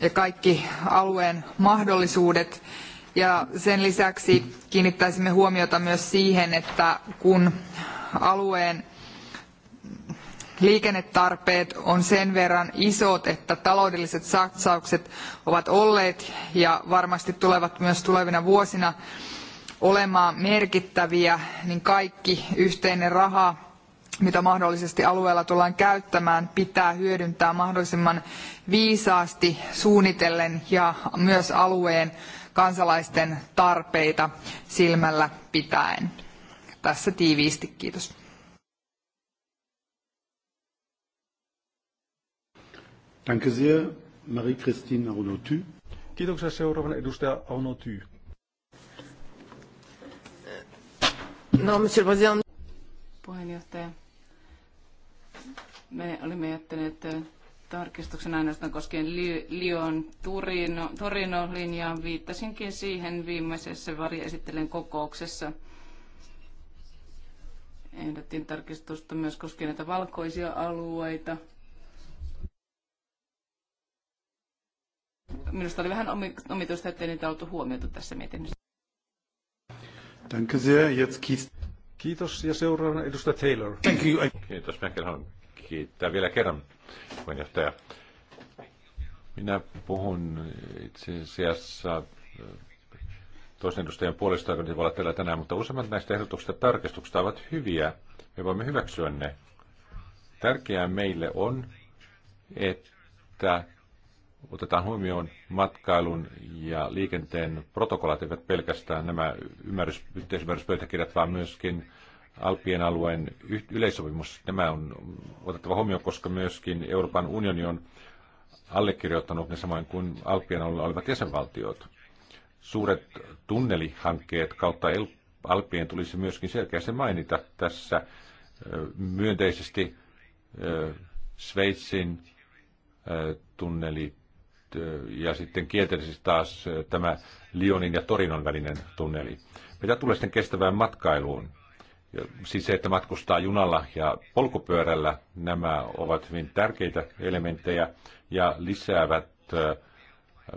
ja kaikki alueen mahdollisuudet. Ja sen lisäksi kiinnittäisimme huomiota myös siihen, että kun alueen liikennetarpeet on sen verran isot, että taloudelliset satsaukset ovat olleet ja varmasti tulevat myös tulevina vuosina olemaan merkittäviä, niin kaikki yhteinen raha, mitä mahdollisesti alueella tullaan käyttämään, pitää hyödyntää mahdollisimman viisaasti suunnitellen ja myös alueen kansalaisten tarpeita silmällä pitäen. Tässä tiiviisti, kiitos. Danke sehr, Marie-Christine Arnauty. Kiitoksia seuraavan edustaja Arnauty. No, monsieur le Puheenjohtaja, me olimme jättäneet äh, tarkistuksen ainoastaan koskien Lyon Torino, Torino linjaan. Viittasinkin siihen viimeisessä varjaesittelen kokouksessa. Ehdottiin tarkistusta myös koskien näitä valkoisia alueita. Minusta oli vähän omituista, ettei niitä oltu huomioitu tässä mietinnössä. Danke sehr, jetzt Kiitos ja seuraavana edustaja Taylor. Thank you. Kiitos, minäkin haluan kiittää vielä kerran puheenjohtaja. Minä puhun itse asiassa äh, toisen edustajan puolesta, joka voi olla täällä tänään, mutta useimmat näistä ehdotuksista tarkistuksista ovat hyviä. Me voimme hyväksyä ne. Tärkeää meille on, että otetaan huomioon matkailun ja liikenteen protokollat, eivät pelkästään nämä ymmärrys, yhteisymmärryspöytäkirjat, vaan myöskin Alpien alueen yleissopimus. Nämä on otettava huomioon, koska myöskin Euroopan unioni on allekirjoittanut ne samoin kuin Alpien alueella olevat jäsenvaltiot. Suuret tunnelihankkeet kautta Alpien tulisi myöskin selkeästi mainita tässä myönteisesti Sveitsin tunneli Äh, ja sitten kielteisesti taas äh, tämä Lyonin ja Torinon välinen tunneli. Mitä tulee sitten kestävään matkailuun? Siis se, että matkustaa junalla ja polkupyörällä, nämä ovat hyvin tärkeitä elementtejä ja lisäävät äh,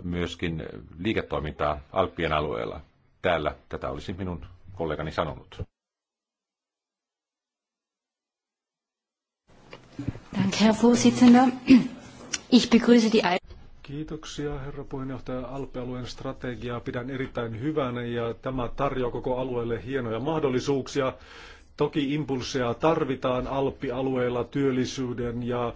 myöskin liiketoimintaa Alppien alueella. Täällä tätä olisi minun kollegani sanonut. Danke, Herr Vorsitzender. Ich begrüße die Kiitoksia herra puheenjohtaja. Alpealueen strategiaa pidän erittäin hyvänä ja tämä tarjoaa koko alueelle hienoja mahdollisuuksia. Toki impulseja tarvitaan Alppialueella työllisyyden ja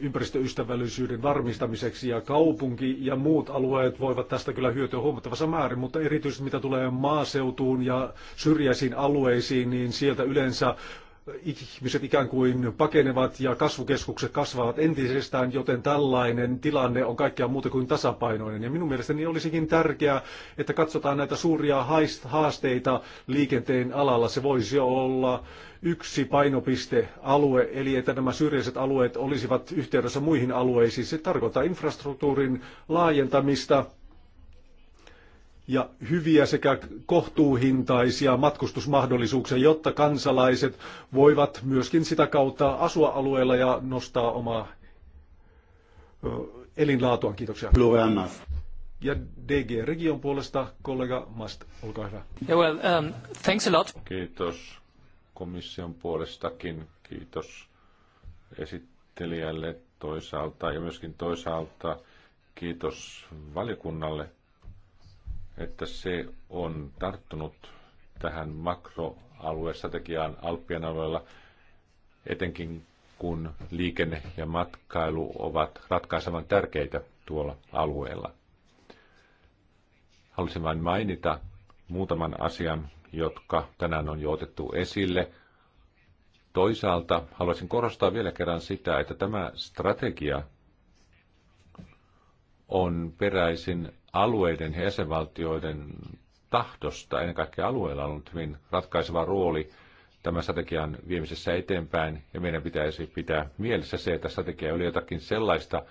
ympäristöystävällisyyden varmistamiseksi ja kaupunki ja muut alueet voivat tästä kyllä hyötyä huomattavassa määrin, mutta erityisesti mitä tulee maaseutuun ja syrjäisiin alueisiin, niin sieltä yleensä ihmiset ikään kuin pakenevat ja kasvukeskukset kasvavat entisestään, joten tällainen tilanne on kaikkea muuta kuin tasapainoinen. Ja minun mielestäni olisikin tärkeää, että katsotaan näitä suuria haasteita liikenteen alalla. Se voisi olla yksi painopistealue, eli että nämä syrjäiset alueet olisivat yhteydessä muihin alueisiin. Se tarkoittaa infrastruktuurin laajentamista, ja hyviä sekä kohtuuhintaisia matkustusmahdollisuuksia, jotta kansalaiset voivat myöskin sitä kautta asua alueella ja nostaa omaa elinlaatuaan. Kiitoksia. Ja DG Region puolesta kollega Mast, olkaa hyvä. Yeah, well, um, thanks a lot. Kiitos komission puolestakin. Kiitos esittelijälle toisaalta ja myöskin toisaalta kiitos valiokunnalle että se on tarttunut tähän makroaluestrategiaan Alppien alueella, etenkin kun liikenne ja matkailu ovat ratkaisevan tärkeitä tuolla alueella. Haluaisin vain mainita muutaman asian, jotka tänään on jo otettu esille. Toisaalta haluaisin korostaa vielä kerran sitä, että tämä strategia on peräisin alueiden ja jäsenvaltioiden tahdosta. Ennen kaikkea alueella on ollut hyvin ratkaiseva rooli tämän strategian viemisessä eteenpäin, ja meidän pitäisi pitää mielessä se, että strategia oli jotakin sellaista,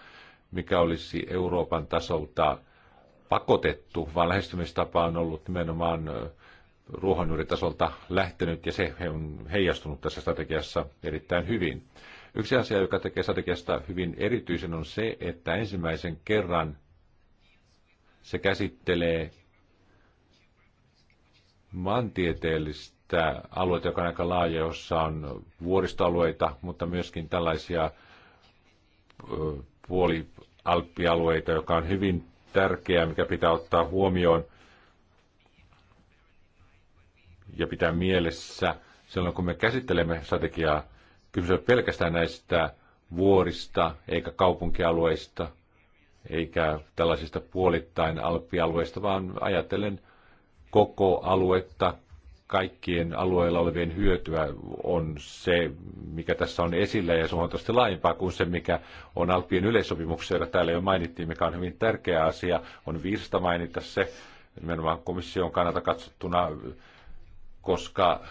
mikä olisi Euroopan tasolta pakotettu, vaan lähestymistapa on ollut nimenomaan ruohonjuuritasolta lähtenyt, ja se on heijastunut tässä strategiassa erittäin hyvin. Yksi asia, joka tekee strategiasta hyvin erityisen, on se, että ensimmäisen kerran se käsittelee maantieteellistä alueita, joka on aika laaja, jossa on vuoristoalueita, mutta myöskin tällaisia puolialppialueita, joka on hyvin tärkeää, mikä pitää ottaa huomioon ja pitää mielessä silloin, kun me käsittelemme strategiaa. Kysymys pelkästään näistä vuorista eikä kaupunkialueista, eikä tällaisista puolittain alppialueista, vaan ajatellen koko aluetta, kaikkien alueilla olevien hyötyä on se, mikä tässä on esillä, ja se on huomattavasti laajempaa kuin se, mikä on Alppien yleissopimuksessa, joka täällä jo mainittiin, mikä on hyvin tärkeä asia. On viisasta mainita se, nimenomaan komission kannalta katsottuna, koska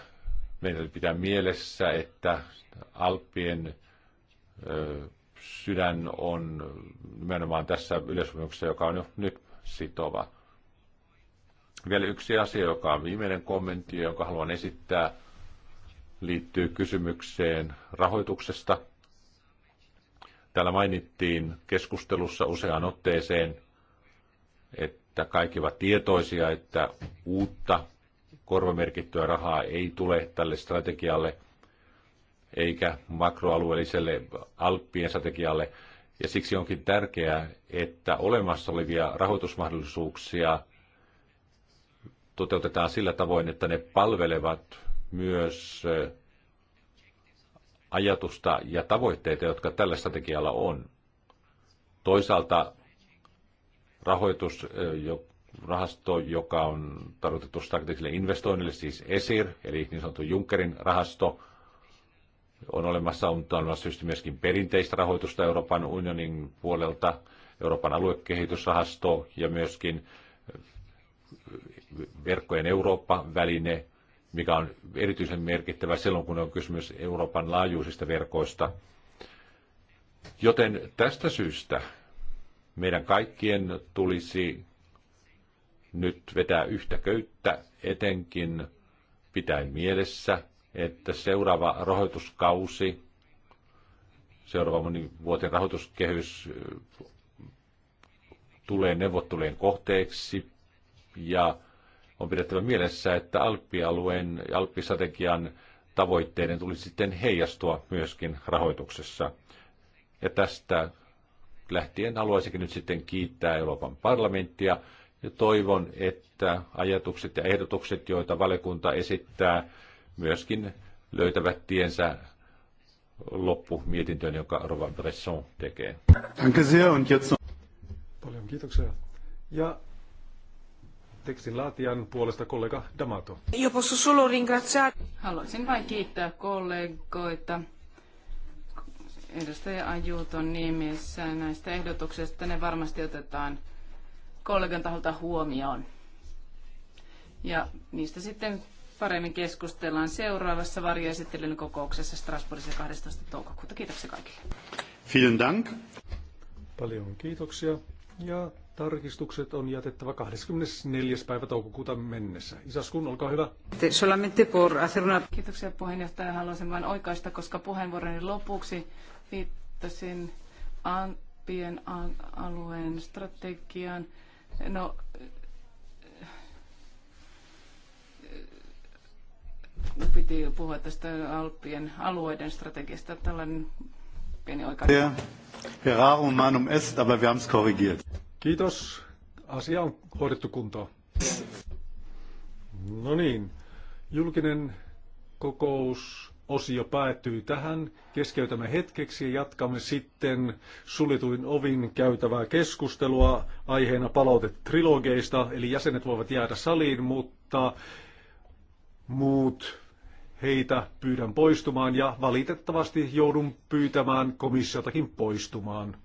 meidän pitää mielessä, että Alppien ö, sydän on nimenomaan tässä yleissopimuksessa, joka on jo nyt sitova. Vielä yksi asia, joka on viimeinen kommentti, jonka haluan esittää, liittyy kysymykseen rahoituksesta. Täällä mainittiin keskustelussa useaan otteeseen, että kaikki ovat tietoisia, että uutta korvamerkittyä rahaa ei tule tälle strategialle – eikä makroalueelliselle Alppien strategialle. Ja siksi onkin tärkeää, että olemassa olevia rahoitusmahdollisuuksia toteutetaan sillä tavoin, että ne palvelevat myös ajatusta ja tavoitteita, jotka tällä strategialla on. Toisaalta rahoitus, rahasto, joka on tarkoitettu strategiselle investoinnille, siis ESIR, eli niin sanottu Junckerin rahasto, on olemassa, on olemassa tietysti myöskin perinteistä rahoitusta Euroopan unionin puolelta, Euroopan aluekehitysrahasto ja myöskin eh, verkkojen Eurooppa-väline, mikä on erityisen merkittävä silloin, kun on kysymys Euroopan laajuisista verkoista. Joten tästä syystä meidän kaikkien tulisi nyt vetää yhtä köyttä, etenkin pitäen mielessä – että seuraava rahoituskausi, seuraava monivuotinen rahoituskehys eh, tulee neuvottelujen kohteeksi ja on pidettävä mielessä, että Alppialueen ja Alppistrategian tavoitteiden tulisi sitten heijastua myöskin rahoituksessa. Ja tästä lähtien haluaisinkin nyt sitten kiittää Euroopan parlamenttia ja toivon, että ajatukset ja ehdotukset, joita valiokunta esittää, myöskin löytävät tiensä loppumietintöön, jonka Rova Bresson tekee. Paljon kiitoksia. Ja tekstin laatijan puolesta kollega Damato. Haluaisin vain kiittää kollegoita edustaja Ajuuton nimissä näistä ehdotuksista. Ne varmasti otetaan kollegan taholta huomioon. Ja niistä sitten paremmin keskustellaan seuraavassa varjoesittelyn kokouksessa Strasbourgissa 12. toukokuuta. Kiitoksia kaikille. Vielen Dank. Paljon kiitoksia. Ja tarkistukset on jätettävä 24. päivä toukokuuta mennessä. Isaskun, olkaa hyvä. Solamente por hacer una... Kiitoksia puheenjohtaja. Haluaisin vain oikaista, koska puheenvuoroni lopuksi viittasin Alpien alueen strategiaan. No, piti puhua tästä Alppien alueiden strategiasta. Tällainen pieni oikaisu. Ferrarum manum est, aber wir haben es korrigiert. Kiitos. Asia on hoidettu kuntoon. No niin. Julkinen kokous osio päättyy tähän. Keskeytämme hetkeksi ja jatkamme sitten sulituin ovin käytävää keskustelua aiheena palautet trilogeista, eli jäsenet voivat jäädä saliin, mutta Muut heitä pyydän poistumaan ja valitettavasti joudun pyytämään komissiotakin poistumaan.